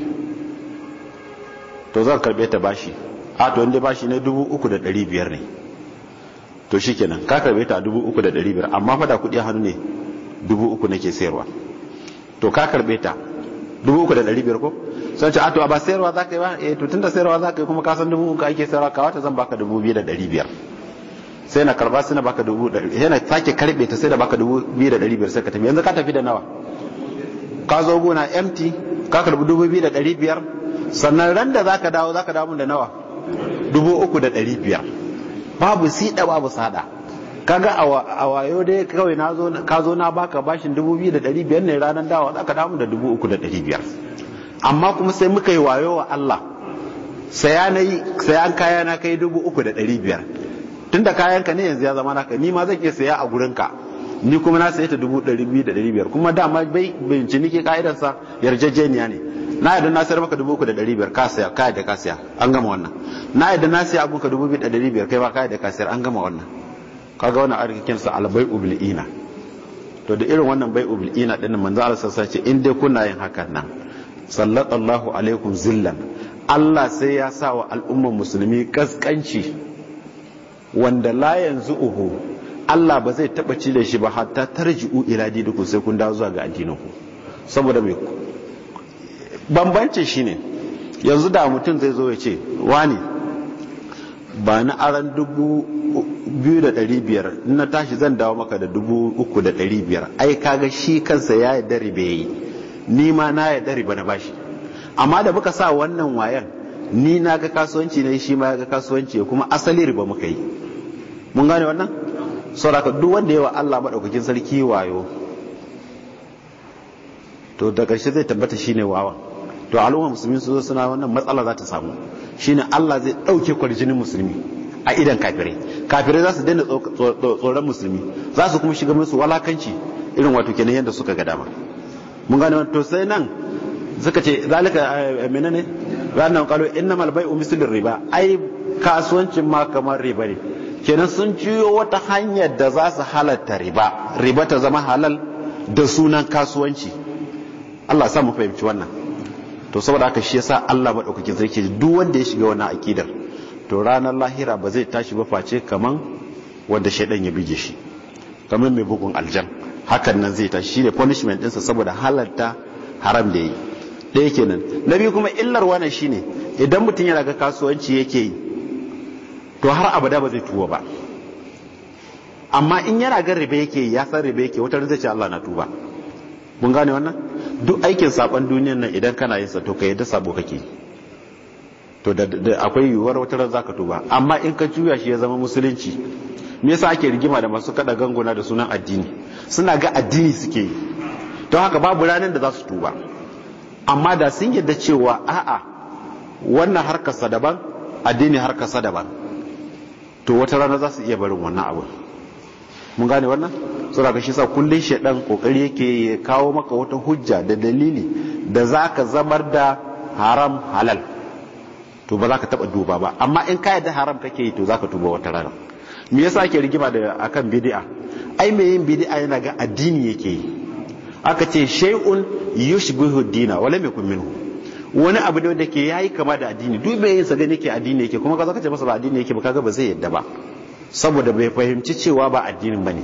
to zan karbe ta bashi a to inda bashi ne dubu uku da ɗari biyar ne to shi kenan ka karbe ta dubu uku da ɗari biyar amma fada kuɗi hannu ne dubu uku nake sayarwa to ka karbe ta dubu uku da ɗari biyar ko sun ce a to ba sayarwa za ka yi ba eh to tunda sayarwa za ka yi kuma ka san dubu uku ake sayarwa ka wata zan baka dubu biyu da ɗari biyar sai na karba sai na baka dubu sai na sake karbe ta sai da baka dubu biyu da ɗari biyar sai ka tafi yanzu ka tafi da nawa ka zo gona empty ka karbi dubu biyu da ɗari biyar sannan ran da zaka dawo zaka dawo da nawa dubu uku da ɗari biyar babu siɗa babu sada kaga a wayo dai kawai ka zo na baka bashin dubu biyu da ɗari biyar ne ranar dawa zaka dawo da dubu uku da ɗari biyar amma kuma sai muka yi wayo wa Allah sayan kaya na kai dubu uku da ɗari biyar tunda ka ne yanzu ya zama naka ni ma zan iya saya a gurinka ni kuma na sayi ta dubu ɗari biyu da ɗari biyar kuma dama bai nike ka'idarsa yarjejeniya ne na yadda na sayar maka dubu uku da ɗari biyar ka saya ka da ka saya an gama wannan na yadda na saya abun ka dubu biyu da ɗari biyar kai ma ka da ka sayar an gama wannan kaga wannan arzikin sa albai ina to da irin wannan bai ina din manzo Allah sassa ce in dai kuna yin hakan nan sallallahu alaikum zillan Allah sai ya sa wa al'umman musulmi kaskanci wanda la yanzu uhu Allah ba zai taba cire shi ba hatta tarji'u ila dinku sai kun dawo zuwa ga ku saboda mai bambancin shi ne yanzu da mutum zai zo ya ce wani ba na aran dubu na tashi zan dawo maka da dubu uku da ɗari biyar ai kaga shi kansa ya yi dari bai yi ni ma na yi dari ba na bashi amma da muka sa wannan wayan ni na ga kasuwanci yi shi ma ya ga kasuwanci kuma asali riba muka yi mun gane wannan sauraka duk wanda yawa Allah maɗaukakin sarki wayo to daga shi zai tabbata ne wawan to al'ummar musulmi su zo suna wannan matsala za ta samu shine Allah zai dauke kwarjinin musulmi a idan kafirai kafirai za su daina tsoron musulmi za su kuma shiga musu walakanci irin wato kenan yadda suka ga dama mun gane to sai nan suka ce zalika eh, eh, menene wannan qalu innamal bai'u mislu riba ai kasuwancin ma kamar riba ne kenan sun ciyo wata hanyar da za su halatta riba riba ta zama halal da sunan kasuwanci Allah sa mu fahimci wannan to saboda haka shi yasa Allah madaukakin sarki duk wanda ya shiga wannan akidar to ranar lahira ba zai tashi ba face kaman wanda shaydan ya bige shi kaman mai bugun aljan hakan nan zai tashi shine punishment sa saboda halarta haram da yi ɗaya kenan na biyu kuma illar wannan shine idan mutum yana ga kasuwanci yake yi to har abada ba zai tuba ba amma in yana ga riba yake ya san riba yake wata zai ce Allah na tuba mun gane wannan duk aikin saɓan duniyan nan idan kana yin sa to ka yadda sabo kake to da akwai yiwuwar wata ran zaka tuba amma in ka juya shi ya zama musulunci me yasa ake rigima da masu kada ganguna da sunan addini suna ga addini suke yi don haka babu ranar da za su tuba amma da sun yadda cewa a'a wannan harkarsa daban addini harkarsa daban to wata rana za su iya barin wannan abin mun gane wannan so ga shi sa kullun shedan kokari yake ya kawo maka wata hujja da dalili da zaka zamar da haram halal to ba za ka taba duba ba amma in ka yadda haram kake yi to za ka tuba wata rana me yasa ake rigima da akan bid'a ai me yin bid'a yana ga addini yake yi aka ce shay'un yushbihu dina wala mai minhu wani abu da ke yayi kama da addini duk me yin sa ga nake addini yake kuma ka zaka ce masa addini yake ba kaga ba zai yadda ba saboda bai fahimci cewa ba addinin bane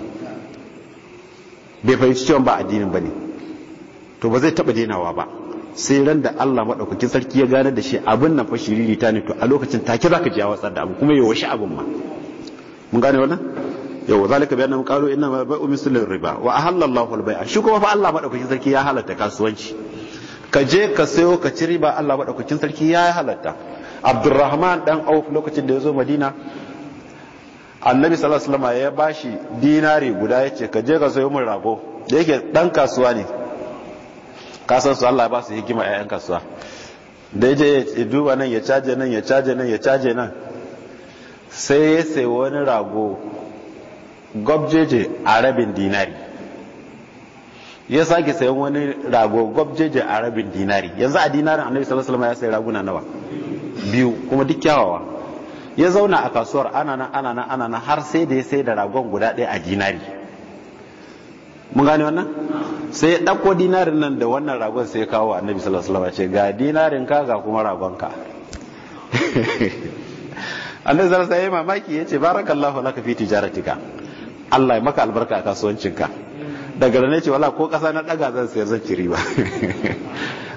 bai fahimci cewa ba addinin bane to ba zai taba denawa ba sai ran da Allah madaukakin sarki ya gane da shi abin nan fa shiriri ta ne to a lokacin take zaka ji ya watsar da abu kuma ya wasu abin ma mun gane wannan yau zalika bayanan qalu inna ma bai'u mislin riba wa ahalla Allahu al-bai'a shi kuma fa Allah madaukakin sarki ya halatta kasuwanci ka je ka sayo ka ci riba Allah madaukakin sarki ya halatta Abdurrahman dan Auf lokacin da ya zo Madina annabi sallallahu alaihi wasallam ya bashi dinari guda yace ka je ka sayo min rago da yake dan kasuwa ne ka san su Allah ya ba su hikima yan kasuwa da yaje ya duba nan ya caje nan ya caje nan ya caje nan sai ya sayi wani rago gobjeje a rabin dinari ya sake sayan wani rago gobjeje a rabin dinari yanzu a dinarin annabi sallallahu alaihi wasallam ya sayi raguna nawa biyu kuma duk kyawawa ya zauna a kasuwar ana nan ana nan har sai da ya sai da ragon guda ɗaya a dinari mun gane wannan sai ya ɗauko dinarin nan da wannan ragon sai ya kawo annabi sallallahu alaihi wasallam ce ga dinarin ka ga kuma ragon ka (laughs) annabi sallallahu alaihi wasallam mamaki yace barakallahu laka fi tijaratika Allah ya maka albarka a kasuwancinka daga nan ce wala ko ƙasa na ɗaga zan sayar zan ci riba (laughs)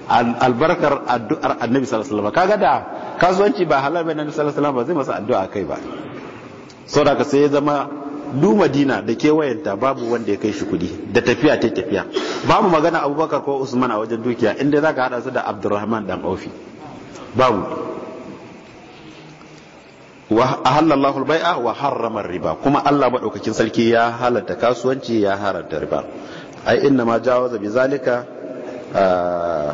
albarkar addu'ar annabi sallallahu alaihi wasallam kaga da kasuwanci ba halal bane annabi sallallahu alaihi wasallam ba zai masa addu'a kai ba saboda sai ya zama du madina da kewayenta babu wanda ya kai shi kudi da tafiya ta tafiya babu magana abubakar ko usman a wajen dukiya inda zaka hada su da abdurrahman dan aufi babu wa ahallallahu al-bai'a wa harrama riba kuma Allah madaukakin sarki ya halatta kasuwanci ya haramta riba ai inna ma jawaza bi zalika ah,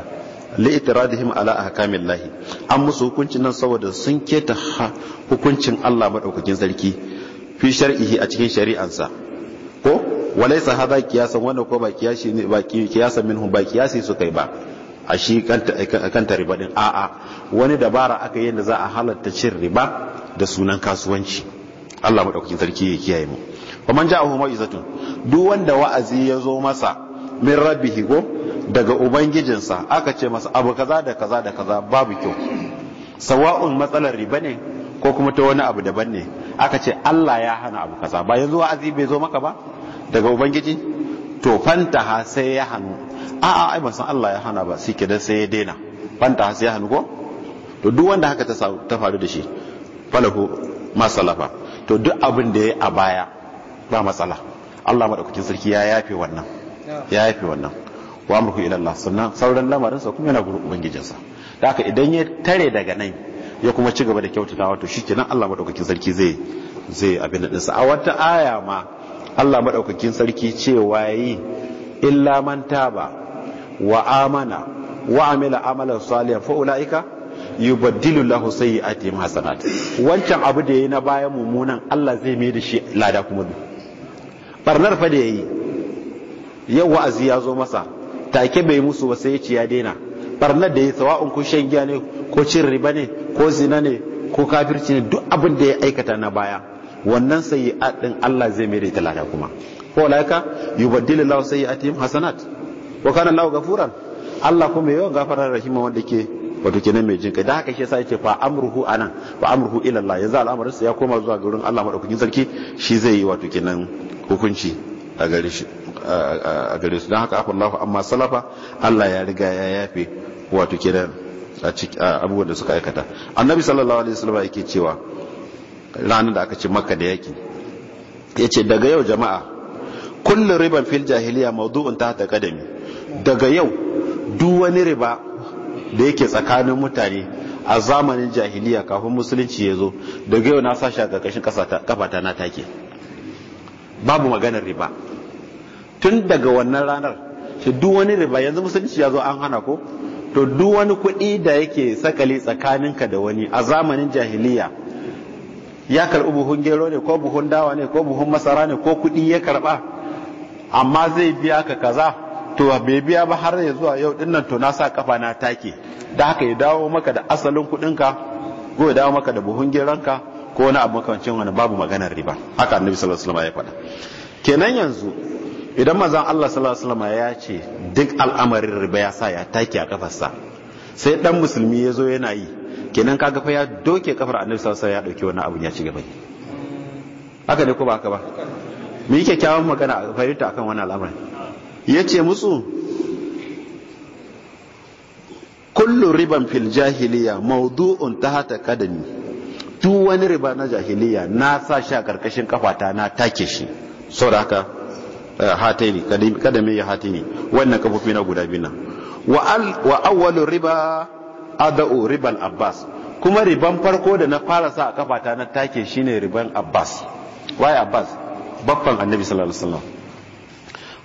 li'tiradihim ala ahkamillahi an musu hukuncin nan saboda sun keta hukuncin Allah madaukakin sarki fi shar'ihi a cikin shari'ansa ko walaysa hadha qiyasan wannan ko ba qiyasi ne ba qiyasan minhum ba qiyasi su kai ba a shi kanta riba din a'a wani dabara aka yi da za a halatta cin riba da sunan kasuwanci Allah madaukakin sarki ya kiyaye mu faman ja'ahu mau'izatun duk wanda wa'azi ya zo masa min rabbihi ko daga ubangijinsa aka ce masa abu kaza da kaza da kaza babu kyau sawa'un matsalar riba ne ko kuma ta wani abu daban ne aka ce Allah ya hana abu kaza ba yanzu azi bai zo maka ba daga ubangiji to fanta ha sai ya hannu a'a ai ban san Allah ya hana ba sike dan sai ya daina ha sai ya hannu ko to duk wanda haka ta faru da shi falahu masalafa to duk abin da ya a baya ba matsala Allah madaukakin sarki ya yafe wannan ya haifi wannan wa amruhu ila Allah sannan sauran lamarinsa kuma yana gurin ubangijinsa da haka idan ya tare daga nan ya kuma ci gaba da kyautatawa to shikenan Allah madaukakin sarki zai zai abin da a wata aya ma Allah madaukakin sarki cewa yi illa man taba wa amana wa amila amalan salihan fa ulaika yubaddilu lahu ma hasanat wancan abu da yayi na bayan mummunan Allah zai mai da shi lada kuma barnar fa da yayi yau wa'azi ya zo masa take bai musu ba sai ya ce ya daina barnar da ya sawa'un kun shan giya ne ko cin riba ne ko zina ne ko kafirci ne duk abin da ya aikata na baya wannan sai din Allah zai mai ta lada kuma ko laika yubaddilu yi ati hasanat wa kana lahu ghafuran Allah kuma yawan gafarar rahima wanda ke wato kenan mai kai da haka shi yasa yake fa amruhu anan fa amruhu ila Allah yanzu al'amarin sa ya koma zuwa gurin Allah madaukakin sarki shi zai yi wato kenan hukunci a gare shi a gare su don haka afallahu amma salafa Allah ya riga ya yafe wato kiran abubuwan da suka aikata annabi sallallahu alaihi wasallam yake cewa ranar da aka ce maka da yaki yace daga yau jama'a kullum riban fil jahiliya ta tahta kadami daga yau duk wani riba da yake tsakanin mutane a zamanin jahiliya kafin musulunci ya zo daga yau na sashi a ƙarƙashin kafata na take babu maganar riba tun daga wannan ranar shi duk wani riba yanzu musulunci ya zo an hana ko to duk wani kuɗi da yake sakali tsakaninka da wani a zamanin jahiliya ya karɓi buhun gero ne ko buhun dawa ne ko buhun masara ne ko kuɗi ya karɓa amma zai biya ka kaza to bai biya ba har ya zuwa yau dinnan to na sa kafa na take da haka ya dawo maka da asalin kuɗinka ko ya dawo maka da buhun geronka ko wani abu makamancin wani babu maganar riba haka annabi sallallahu alaihi wasallam ya faɗa kenan yanzu idan mazan Allah sallallahu ya ce duk al'amarin riba ya sa ya take a kafarsa sai dan musulmi ya zo yana yi kenan kaga fa ya doke kafar annabi sallallahu ya dauki wani abun ya ci gaba haka ne ko ba haka ba mu yi kyakkyawan magana fahimta akan wannan al'amarin ya ce musu kullu riban fil jahiliya mawdu'un tahta kadami duk wani riba na jahiliya na sa shi a karkashin kafata na take shi saboda haka Eh, kada mai ya hatini wannan kafofi na guda biyu nan wa awwalu riba adau riban abbas kuma riban farko da na fara sa a kafata na take shine riban abbas waye abbas baffan annabi sallallahu alaihi wasallam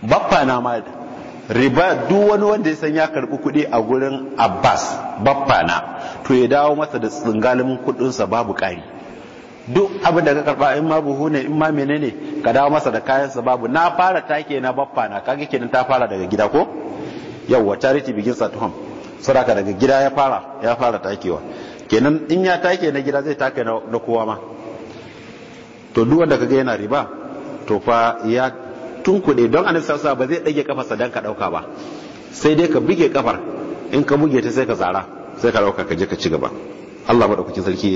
babba na ma riba duk wani wanda ya san ya karbi kuɗi a gurin abbas babba na to ya dawo masa da tsingalimin kuɗinsa babu ƙari duk abin da ka karba in ma buhu ne in ma menene ka dawo masa da kayan sa babu na fara take na baffa na kage kenan ta fara daga gida ko yawwa charity begins at home sadaka daga gida ya fara ya fara takewa kenan in ya take na gida zai take na kowa ma to duk wanda kaga yana riba to fa ya tunkuɗe don annabi sallallahu ba zai dage kafarsa dan ka dauka ba sai dai ka buge kafar in ka buge ta sai ka zara sai ka dauka ka je ka ci gaba Allah madaukakin sarki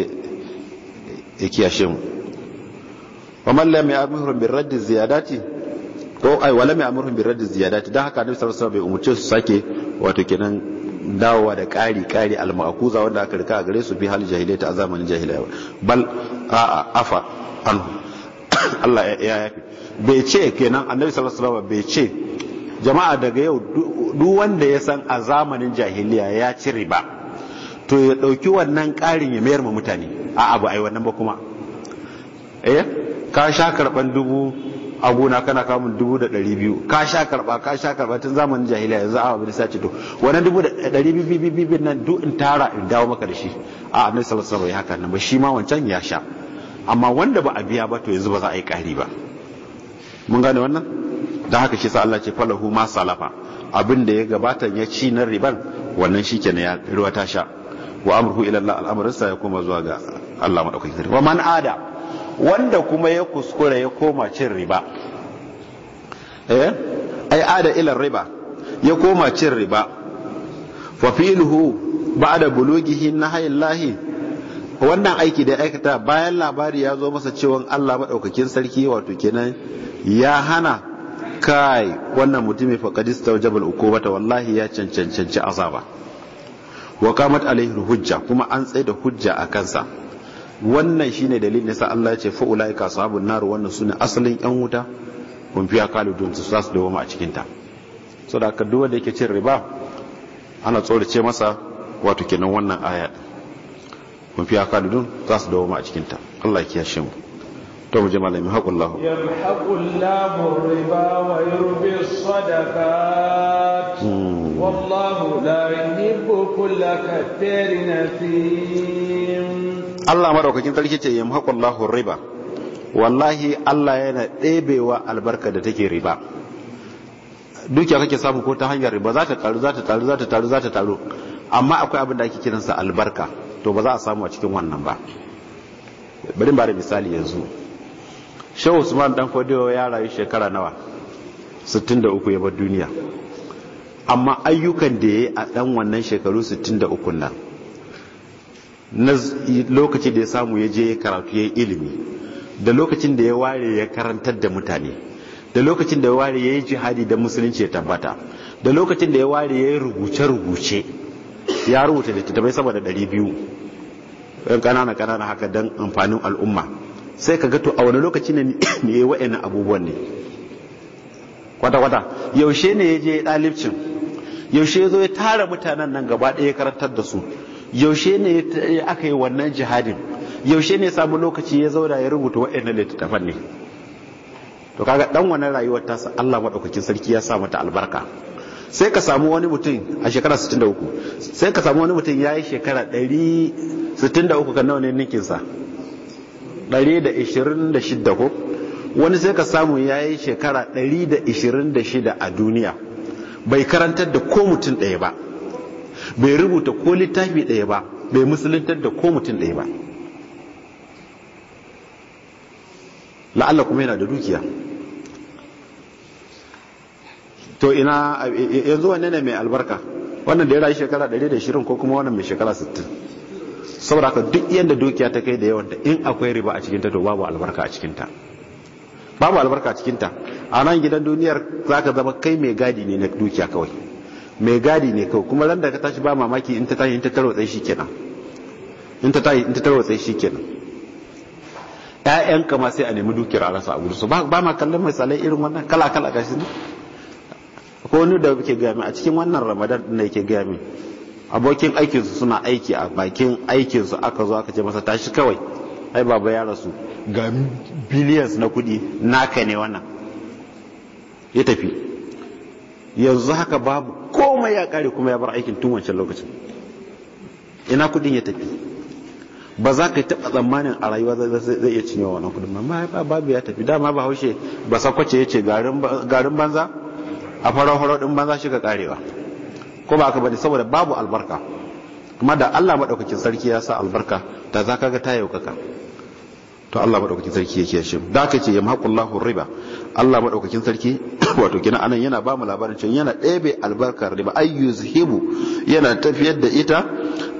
ya kiyashe mu wa man lam ya'murhum bir radd ziyadati ko ai wa lam ya'murhum bir radd ziyadati dan haka annabi sallallahu alaihi wasallam bai umurce su sake wato kenan dawowa da ƙari ƙari al-ma'kuza wanda aka rika a gare su bi hal jahiliyyah a zamanin jahiliya bal a'a afa anhu (coughs) Allah ya yafi bai ce kenan annabi sallallahu alaihi wasallam bai ce jama'a daga yau duk wanda ya san a zamanin jahiliya ya ci riba to ya ɗauki wannan ƙarin ya mayar ma mutane a abu ai wannan ba kuma eh ka sha karɓan dubu a gona kana kamun dubu da ɗari biyu ka sha karɓa ka sha karɓa tun zamanin jahiliya yanzu a abu da sace to wannan dubu da ɗari biyu biyu biyu nan duk in tara in dawo maka da shi a annabi sallallahu alaihi haka nan ba shi ma wancan ya sha amma wanda ba a biya ba to yanzu ba za a yi ƙari ba mun gane wannan da haka shi sa Allah ce falahu ma salafa abin da ya gabata ya ci na riban wannan shi na ya ruwa ta sha wa amruhu ila Allah ya koma zuwa ga Allah madaukakin sarki wa man ada wanda kuma ya kuskura ya koma cin riba eh ai ada ila riba ya koma cin riba fa fi'luhu ba'da bulughihi nahayillahi wannan aiki da aikata bayan labari ya zo masa cewa Allah madaukakin sarki wato kenan ya hana kai wannan mutumin faqadista jabal ukubata wallahi ya cancanci azaba wa kamat alaihi hujja kuma an tsaye da hujja a kansa wannan shine dalilin yasa Allah ya ce fa ulaika ashabun nar wannan sune asalin yan wuta kun fiya kalidun su dawo dawoma a cikin ta saboda ka duwa da yake cin riba ana tsorace masa wato kenan wannan aya kun fiya kalidun sasu su dawoma a cikin ta Allah ya kiyashe mu to mu je malami haqullahu yamhaqullahu riba wa yurbi sadaqat hmm. والله لا يحب كل كثير نسيم Allah madaukakin sarki ce ya muhaqqu Allahu riba wallahi Allah yana ɗebewa albarka da take riba dukiya kake samu ko ta hanyar riba za ta taru za ta taru za ta taru za ta taru amma akwai abin da ake kiransa albarka to ba za a samu a cikin wannan ba bari ba da misali yanzu Shehu Usman dan Kodewa ya rayu shekara nawa 63 ya bar duniya amma ayyukan da ya yi a ɗan wannan shekaru 63 na lokaci da ya samu ya je ya karatu ya yi ilimi da lokacin da ya ware ya karantar da mutane da lokacin da ya ware ya yi jihadi da musulunci ya tabbata da lokacin da ya ware ya yi rubuce-rubuce ya rubuta da tattabai sama da 200 ɗan ƙanana-ƙanana haka don amfanin al'umma sai ka gato a wani lokaci ne ne ya wa'in abubuwan ne kwata-kwata yaushe ne ya je ɗalibcin yaushe zo ya tara mutanen nan gaba ɗaya karantar da su yaushe ne aka yi wannan jihadin yaushe ne samu lokaci ya zauna ya rubuta waɗannan littattafan ne to kaga dan wannan rayuwar tasa Allah madaukakin sarki ya sa mata albarka sai ka samu wani mutum a shekara 63 sai ka samu wani mutum ya yi shekara 163 kan nawa ne ninkinsa 126 ko wani sai ka samu ya yi shekara 126 a duniya bai karantar da ko mutum ɗaya ba bai rubuta ko littafi ɗaya ba bai musuluntar da ko mutum ɗaya ba la'alla kuma yana da dukiya to ina yanzu wanne ne mai albarka wannan da ya rayu shekara 120 ko kuma wannan mai shekara 60 saboda haka duk yadda dukiya ta kai da yawanta in akwai riba a cikinta to babu albarka a cikinta babu albarka cikin ta a nan gidan duniyar za ka zama kai mai gadi ne na dukiya kawai mai gadi ne kawai kuma ran da ka tashi ba mamaki in ta tashi in ta tarwa tsaye kenan in ta tashi in ta tarwatsai shi kenan ƴaƴanka ma sai a nemi dukiyar a rasa a gudu su ba ma kallon misalai irin wannan kala kala shi ne ko wani da ke gaya min a cikin wannan ramadan din da yake gaya min abokin aikinsu suna aiki a bakin aikinsu aka zo aka ce masa tashi kawai ai baba ya rasu ga billions na kudi naka ne wannan ya tafi yanzu haka babu komai ya kare kuma ya bar aikin tun wancan lokacin ina kudin ya tafi ba za ka taɓa tsammanin a rayuwa zai iya cinye wannan kudin amma babu ya tafi dama ba haushe ba sakwace ya ce garin banza a farar horo din banza shi ka karewa ko ba ka bane saboda babu albarka kuma da Allah maɗaukakin sarki ya sa albarka da za ka ga ta yaukaka to Allah madaukakin sarki yake shi da aka ce yamhaqullahu riba Allah madaukakin sarki (coughs) wato kina anan yana ba mu labarin cewa yana ɗebe albarkar riba ay yana tafiyar da ita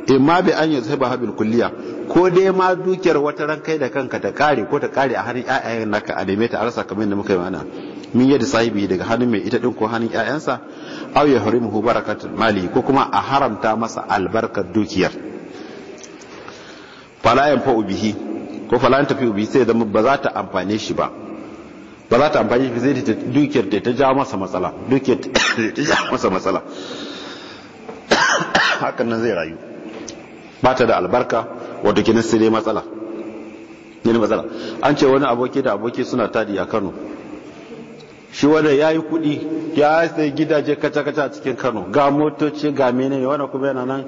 imma bi an yuzhiba habil kulliya ko dai ma dukiyar wata ran kai da kanka ta kare ko ta kare a hannun ƴaƴayen naka a neme ta a rasa kamar yadda muka yi mana min yadda sahibi daga hannun mai ita din ko hannun ƴaƴansa aw yahrimuhu barakatul mali ko kuma a haramta masa albarkar dukiyar fala yanfa'u bihi ko falan tafi ubi sai zama ba za ta amfane shi ba ba za ta amfane shi zai ta dukiyar ta ja masa matsala dukiyar ta (coughs) ja masa matsala (coughs) hakan nan zai rayu ba ta da albarka wato ginin sai dai matsala ne matsala an ce wani aboki da aboki suna tadi a Kano shi wanda ya yi kuɗi ya sai gidaje kaca-kaca a cikin Kano ga motoci ga mene wani kuma yana nan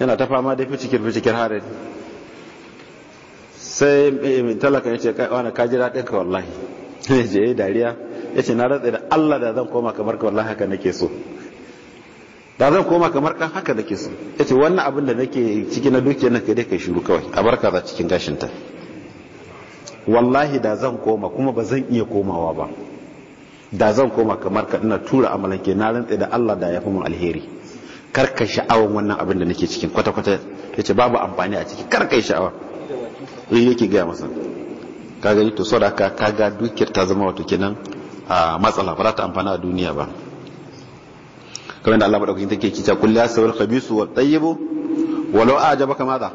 yana ta fama da fi cikin fi cikin harin sai eh, talakan ya ce wani ka jira ɗinka wallahi ya je yi dariya ya ce na ratsa da Allah da zan koma kamar ka wallahi haka nake so da zan koma kamar kan haka nake so ya ce wannan abin da nake ciki na dukiyar nan kai dai kai shiru kawai a barka za cikin gashinta wallahi da zan koma kuma ba zan iya komawa ba da zan koma kamar ka ina tura amalan ke na rantsa da Allah da ya fi mun alheri karka sha'awan wannan abin da nake cikin kwata-kwata ya ce babu amfani a ciki yi sha'awa in yake gaya masa kaga to saboda ka kaga dukiyar ta zama wato kenan a matsala ba za ta amfana a duniya ba kamar da Allah madaukakin take ki ta kullu asawal khabisu wa tayyibu walau ajabaka madha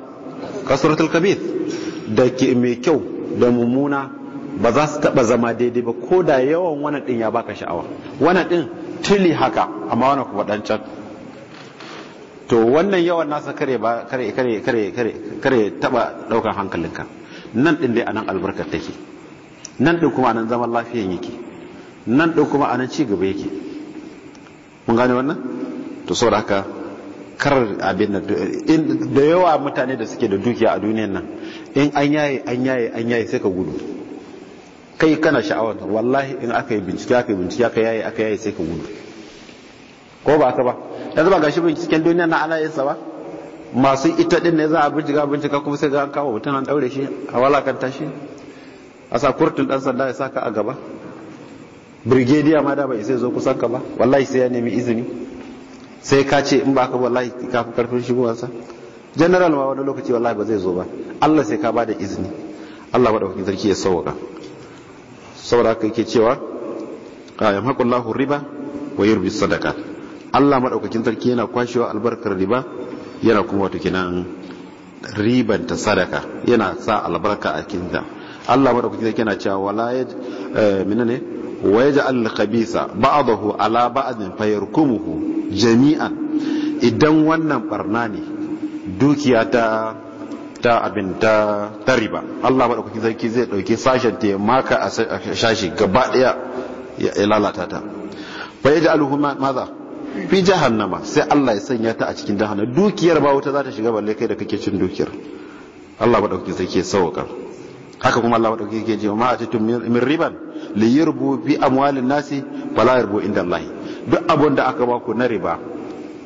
kasratul khabith da ke mai kyau da mummuna ba za su taba zama daidai ba ko da yawan wannan din ya baka sha'awa wannan din tuli haka amma wannan kuma dan can to wannan yawan nasa kare ba kare kare kare kare kare taba daukar hankalinka nan din dai anan albarkar take nan din kuma anan zaman lafiyan yake nan din kuma anan ci gaba yake mun gane wannan to saboda haka kar abin da da yawa mutane da suke da dukiya a duniyar nan in an yaye an yaye an yaye sai ka gudu kai kana sha'awar wallahi in aka yi bincike aka yi bincike aka yaye aka yaye sai ka gudu ko ba ka ba yanzu ba gashi cikin duniya na ana yinsa ba masu ita din ne za a bincika bincika kuma sai ga an kawo mutum an daure shi a walakanta shi a sa kurtun dan sanda ya saka a gaba brigadier ma da bai sai zo kusan ka ba wallahi sai ya nemi izini sai ka ce in ba ka wallahi ka fi karfin shigowarsa general ma wani lokaci wallahi ba zai zo ba Allah sai ka bada izini Allah madaukakin sarki ya sauka saboda haka yake cewa yamhaqullahu riba wa yurbi sadaqat Allah maɗaukakin sarki yana kwashewa albarkar riba yana kuma wato kinan riban ta sadaka yana sa albarka a kinta Allah maɗaukakin sarki yana cewa wala ya eh, minane wa al khabisa ba'dahu ala ba'din fayarkumuhu jami'an idan wannan barna ne dukiya ta ta abin ta riba Allah maɗaukakin sarki zai ɗauki sashen ta maka a shashi gaba ɗaya ya lalata ta al yaj'aluhu maza fi jahannama sai Allah ya sanya ta a cikin jahannama dukiyar ba wuta za ta shiga balle kai da kake cin dukiyar Allah ba dauki sai ke sauka haka kuma Allah ba dauki ke ji ma atitum min riban li yurbu bi amwalin nasi wala yurbu inda Allah duk abun da aka ba ku na riba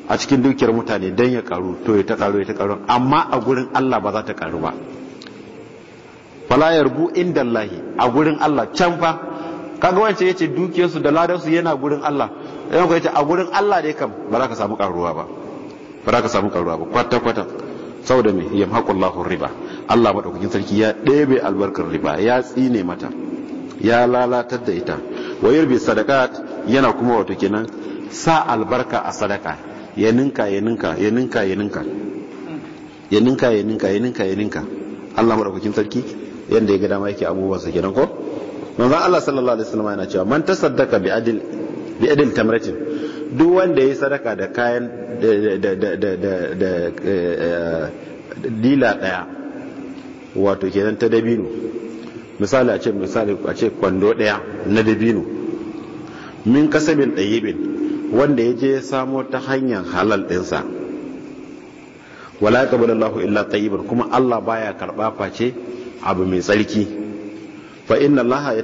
a cikin dukiyar mutane dan ya karu to ya ta karu ya ta karu amma a gurin Allah ba za ta karu ba wala yurbu inda Allah a gurin Allah can fa kaga wancan yace dukiyarsu da ladarsu yana gurin Allah yau ka ta a gurin Allah dai kam ba za ka samu karuwa ba ba za ka samu karuwa ba kwata kwata saboda me haƙon lahun riba Allah madaukakin sarki ya ɗebe albarkar riba ya tsine mata ya lalatar da ita wa yurbi sadaka yana kuma wato kenan sa albarka a sadaka ya ninka ya ninka ya ninka ya ninka ya ninka ya ninka ya ninka ya ninka Allah madaukakin sarki yadda ya ga dama yake sa kenan ko manzon Allah sallallahu alaihi wasallam yana cewa man tasaddaka bi adil bi tamratin duk wanda ya sadaka da kayan da eh, eh, dila daya wato kenan ta dabino misali a ce misali a ce kwando daya na dabino min kasabin ɗayibin wanda ya je samo ta hanyar halal ɗinsa wala ya illa ɗayibin kuma allah baya karɓa face abu mai tsarki fa inna allaha ya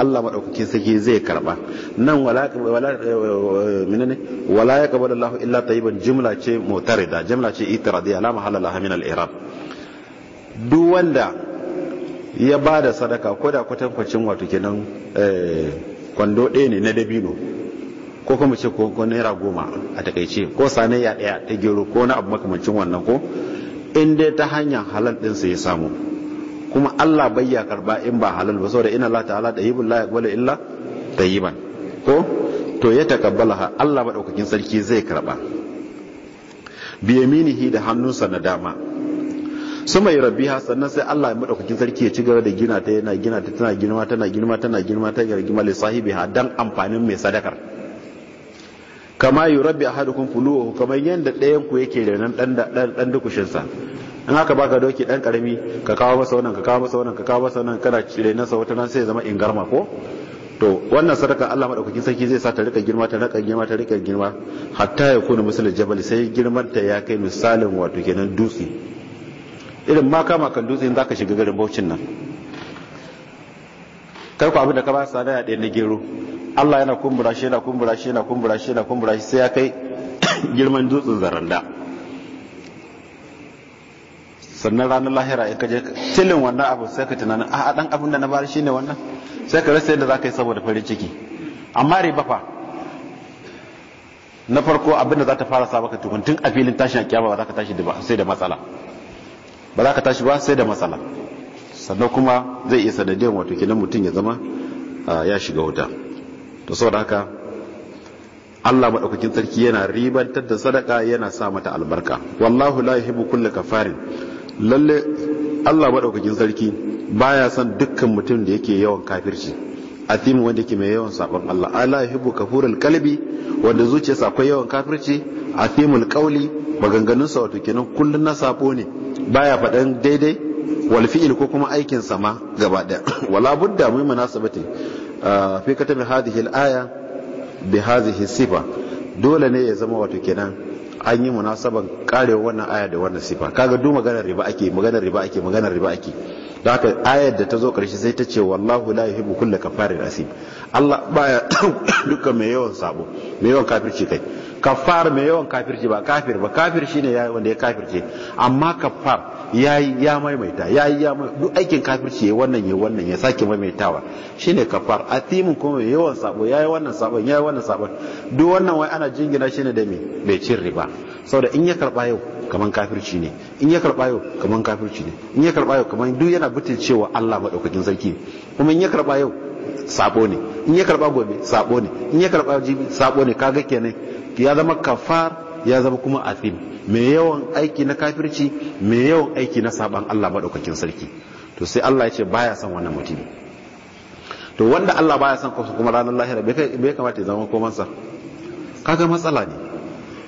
Allah madaukakin sarki zai karba nan wala wala eh, eh, menene wala yaqbalu Allah illa tayyiban jumla ce mutarida jumla ce itiradiya ala mahalla laha min al-i'rab duk wanda ya bada sadaka ko da kwatankwacin wato kenan eh, kwando ɗaya ne na dabino ko kuma ce ko naira goma a takaice ko sanayya ɗaya ta gero ko na abu makamancin wannan ko in dai ta hanyar halal ɗinsa ya samu kuma Allah bai ya karba in ba halal ba saboda inna Allah ta'ala tayyibun la yaqbalu illa tayyiban ko to ya ha Allah madaukakin sarki zai karba bi yaminihi da hannunsa na dama suma yi ha sannan sai Allah ya madaukakin sarki ya ci gaba da gina ta yana gina ta tana girma tana girma tana girma ta girma sahibi ha dan amfanin mai sadakar kama yurabbi ahadukum fuluhu kamar yadda ɗayan ku yake renon dan dan dukushin in haka baka doki dan karami ka kawo masa wannan ka kawo masa wannan ka kawo masa wannan kana cire nasa wata nan sai ya zama ingarma ko to wannan sadaka Allah madaukakin sarki zai sa ta rika girma ta rika girma ta rika girma hatta ya kuna misalin jabal sai girman ta ya kai misalin wato kenan dutse irin ma kama kan dutse zaka shiga garin Bauchin nan kai ku abin da ka ba sa da ɗaya na gero Allah yana kumbura shi yana kumbura shi yana kumbura shi yana kumbura shi sai ya kai (coughs) girman dutsen zaranda sannan ranar lahira in ka je tilin wannan abu sai ka tunanin a dan abin da na bari shine wannan sai ka rasa yadda ka yi saboda farin ciki amma riba fa na farko abin da za ta fara sa baka tukun tun a filin tashin kiyama ba za ka tashi sai da matsala ba za ka tashi ba sai da matsala sannan kuma zai iya sanadiyar wato kenan mutum ya zama ya shiga wuta to saboda haka Allah madaukakin sarki yana ribantar da sadaka yana sa mata albarka wallahu la yuhibbu kulla kafarin lalle Allah maɗaukakin sarki baya san dukkan mutum da yake yawan kafirci timin wanda yake mai yawan sabon Allah ala hibu kafuran kalbi wanda zuciyarsa akwai yawan kafirci timin kauli maganganun sa wato kenan kullun na sabo ne baya faɗan daidai wal fi'il ko kuma aikin sa ma gaba ɗaya. (coughs) wala budda mu munasabati ah, fi katabi hadhihi al aya bi hadhihi sifa dole ne ya zama wato kenan an yi munasaban karewa wannan aya da wannan sifa kaga duk maganar riba ake maganar riba ake maganar riba ake da haka ayar da ta zo karshe sai ta ce wallahu la yuhibbu kulla kafarin asib Allah baya (coughs) dukkan mai yawan sabo mai yawan kafirci kai kafar mai yawan kafirci ba kafir ba kafir shine yayi wanda ya kafirce amma kafar yayi ya maimaita yayi ya duk aikin kafirci yayi wannan yayi wannan ya sake maimaitawa shine kafar athimin kuma mai yawan sabo yayi wannan sabon yayi wannan sabon duk wannan wai ana jingina shine da me bai cin riba saboda in ya karba yau kaman kafirci ne in ya karba yau kaman kafirci ne in ya karba yau kaman duk yana butulcewa Allah madaukakin sarki kuma in ya karba yau sabo ne in ya karba gobe sabo ne in ya karba jibi sabo ne kaga kenan ya zama kafar ya zama kuma athim me yawan aiki na kafirci me yawan aiki na saban Allah madaukakin sarki to sai Allah ya ce baya son wannan mutumi to wanda Allah baya son kuma ranar lahira bai kamata ya zama sa kaga matsala ne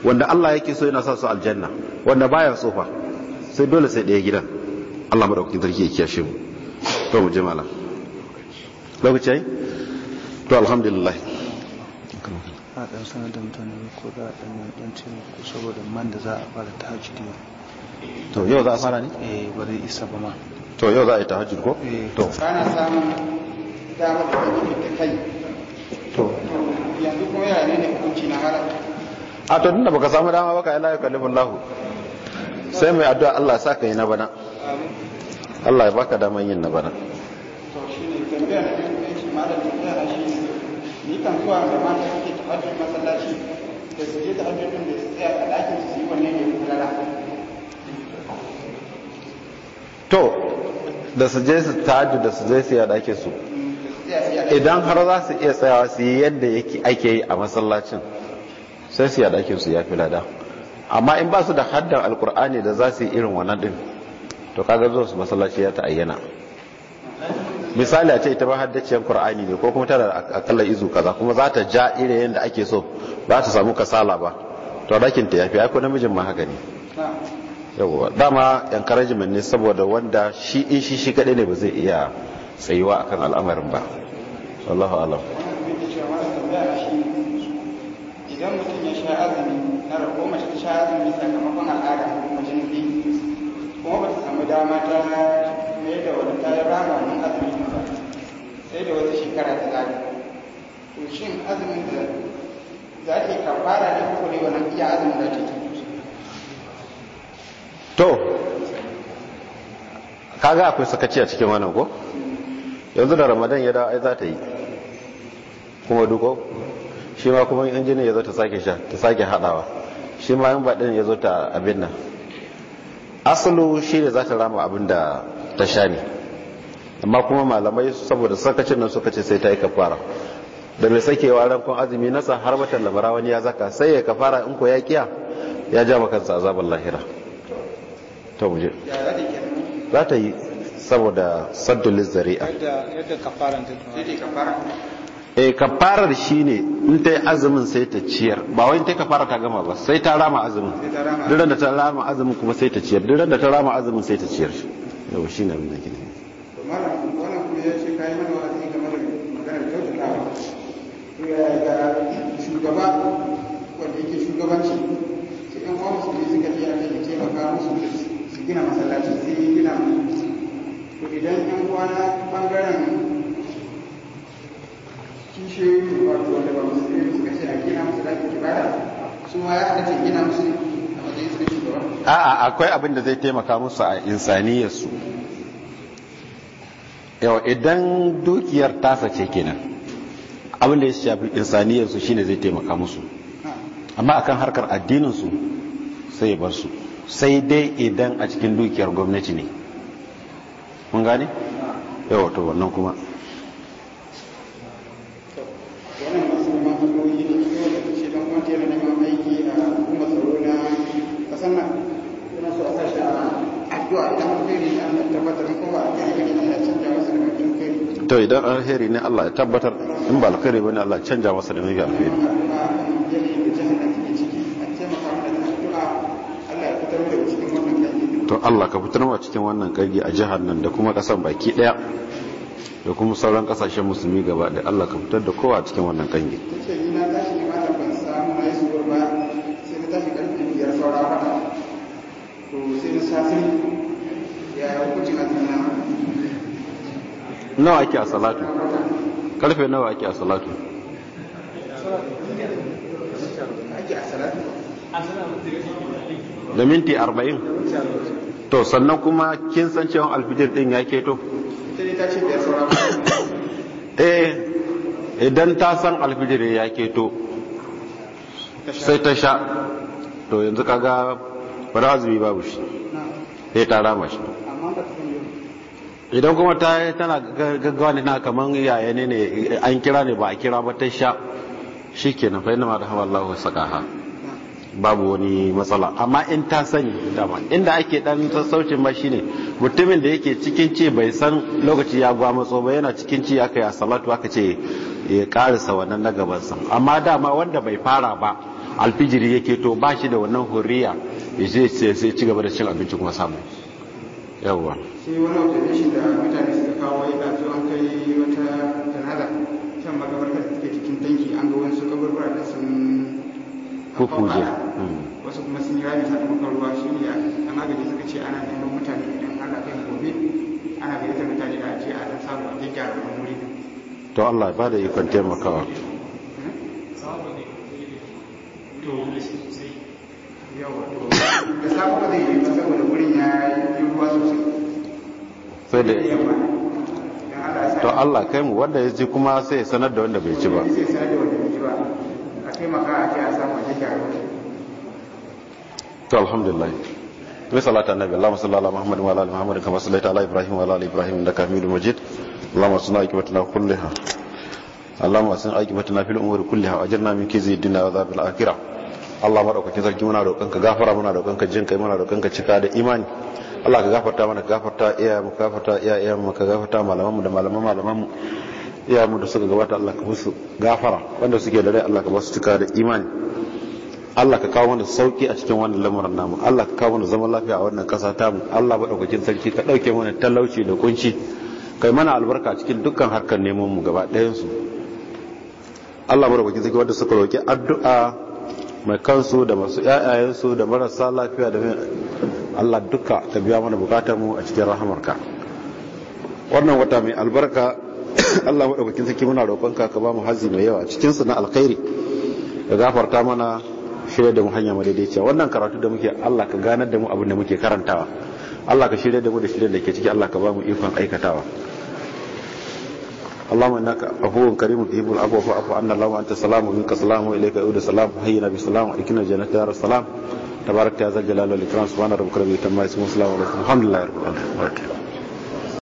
wanda Allah yake so yana sa su aljanna wanda baya so fa sai dole sai ɗaya gidan Allah madaukakin sarki ya kiyashe mu to mu je malam lokaci ya yi to alhamdulillah a ɗan sanar da mutane ko za a ɗan ɗan ko saboda man da za a fara ta hajji tahajjudi to yau za a fara ne eh ba zai isa ba ma to yau za a yi ta hajji ko eh to sana samun dama da ɗan kake ta kai to yanzu kuma ya ne kunci na hara a to tunda baka samu dama baka la yukallifu lahu sai mai addu'a Allah sa ka yi na bana Allah ya baka damar yin na bana tambaya na kan kai shi malam da yara shi ni kan zuwa ga mata suke tahajjud masallaci da su je tahajjud da su tsaya a ɗakin su yi wannan ne kullara to da su je su tahajjud da su je su yi a su idan har za su iya tsayawa su yi yadda ake yi a masallacin sai su yi a ɗakin su ya fi lada amma in ba su da haddan alkur'ani da za su yi irin wannan din to kaga zuwa su masallaci ya ayyana. misali a ce ita ba haddaciyar qur'ani ne ko kuma tana akalla izu kaza kuma za ta ja ire yanda ake so ba ta samu kasala ba to dakin ta yafi ai ko namijin ma haka ne yawa dama encouragement ne saboda wanda shi in shi shi kadai ne ba zai iya tsayuwa akan al'amarin ba wallahu alam idan mutum ya sha azumi na rako mace ta sha azumi sakamakon al'ada kuma jini kuma ba ta samu dama ta mai da wani ta rama mun azumi sai da wata shekara ta zaɓi to shin azumin da za ta yi kafara ne ko ne wannan iya azumin da ta yi to kaga akwai sakaci a cikin wannan ko yanzu da ramadan ya dawo ai za ta yi kuma duko shi ma kuma in jini ya zo ta sake sha ta sake haɗawa shi ma in baɗin ya zo ta abin nan asalu shi ne za ta rama abin da ta sha ne amma kuma malamai saboda sakacin nan suka ce sai ta yi kafara da mai sakewa rankon azumi nasa har watan labara wani ya zaka sai ya kafara in ko ya kiya ya ja kansa azabar lahira ta muje za ta yi saboda saddulin zari'a e kafarar shine in ta yi azumin sai ta ciyar ba wai ta kafara ta gama ba sai ta rama azumin duk da ta rama azumin kuma sai ta ciyar duk da ta rama azumin sai ta ciyar yau shine abin da ke malam wannan kuma ya ce kai mana wa'azi da maganar kyautatawa ga shugaba wanda yake shugabanci sai ɗan suka taimaka musu su gina masallaci sai gina to idan ɗan ɓangaren wato wanda ba suka ce a gina masallaci su ma ya ce gina musu su a'a akwai abin da zai taimaka musu a insaniyarsu yawa idan dukiyar tasa ce kenan abin da ya shafi insaniyarsu su shine zai taimaka musu amma akan harkar addinin su sai bar su sai dai idan a cikin dukiyar gwamnati ne mun gane yawa to wannan kuma Yeah. ba to idan alheri ne Allah ya tabbatar in ba alheri bane Allah canja masa da nufi alheri to Allah ka fitar wa cikin wannan kage a jihar nan da kuma kasan baki daya da kuma sauran kasashen musulmi gaba da Allah ka fitar da kowa cikin wannan kange nawa ake a salatu karfe nawa ake a salatu da minti arba'in to sannan kuma kin san cewa alfijir din ya keto eh idan ta san alfijir ya keto sai ta sha to yanzu kaga ba babu shi sai ta rama shi idan kuma ta tana gaggawa ne na kamar yaya ne ne an kira ne ba a kira ba ta sha shi ke na fahimta da hawa Allah babu wani matsala amma in ta sani dama inda ake dan sassaucin ba shine mutumin da yake cikin ci bai san lokaci ya gwa matso ba yana cikin ci aka ya salatu aka ce ya karisa wannan na gabansa amma dama wanda bai fara ba alfijiri yake to ba shi da wannan huriya ya sai ci gaba da cin abinci kuma samu yawwa sai wani observation da mutane suka kawo ya zo an kai wata tanada can makabarkar da suke cikin tanki an ga wasu kaburbura da sun kukuje hmm. wasu kuma sun yi rami sakamakon ruwa shi ne a magani suka ce ana neman mutane idan har ana kai gobe ana gayyatar mutane da ce a ɗan samu a gyara wani wuri to Allah ba da ikon taimakawa da sabon yi saboda wurin ya yi ruwa sosai sai da to Allah kai mu wanda ya ci kuma sai ya sanar da wanda bai ci ba to alhamdulillah bi salatu annabi Allahumma salli ala Muhammad wa ala ali Muhammad kama sallaita ala Ibrahim wa ala Ibrahim innaka Hamidum Majid Allahumma sunna akibatuna kullaha Allahumma sunna akibatuna fil umuri kullaha ajirna min kizi dunya wa adhabil akhirah Allah madaukakin sarki muna roƙonka gafara muna roƙonka ka jin kai muna roƙonka cika da imani Allah ka gafarta mana ka gafarta iya mu gafarta iya mu ka gafarta malaman mu da malaman malaman mu iya mu da suka gabata Allah ka musu gafara wanda suke da rai Allah ka basu cika da imani Allah ka kawo mana sauki a cikin wannan lamuran namu Allah ka kawo mana zaman lafiya a wannan kasa mu. Allah madaukakin sarki ka dauke mana talauci da kunci kai mana albarka cikin dukkan harkar neman mu gaba ɗayan su Allah madaukakin sarki wanda suka roki addu'a mai kansu da masu yayayensu da marasa lafiya da Allah duka ta biya mana bukatar mu a cikin rahamarka wannan wata mai albarka (coughs) Allah mu dauki saki muna roƙon ka ba mu hazi mai yawa cikin su na alkhairi ka gafarta mana shirya da mu hanya madaidaiciya wannan karatu da muke Allah ka ganar da mu abin da muke karantawa Allah ka shirya da mu da shirya da ke ciki Allah ka ba mu ikon aikatawa اللهم انك عفو كريم تحب العفو فاعف عنا اللهم انت السلام ومنك السلام واليك يعود السلام حينا بالسلام وإكنا الجنة دار السلام تبارك يا ذا الجلال والاكرام سبحان ربك رب العزه عما يصفون السلام عليكم الحمد لله رب العالمين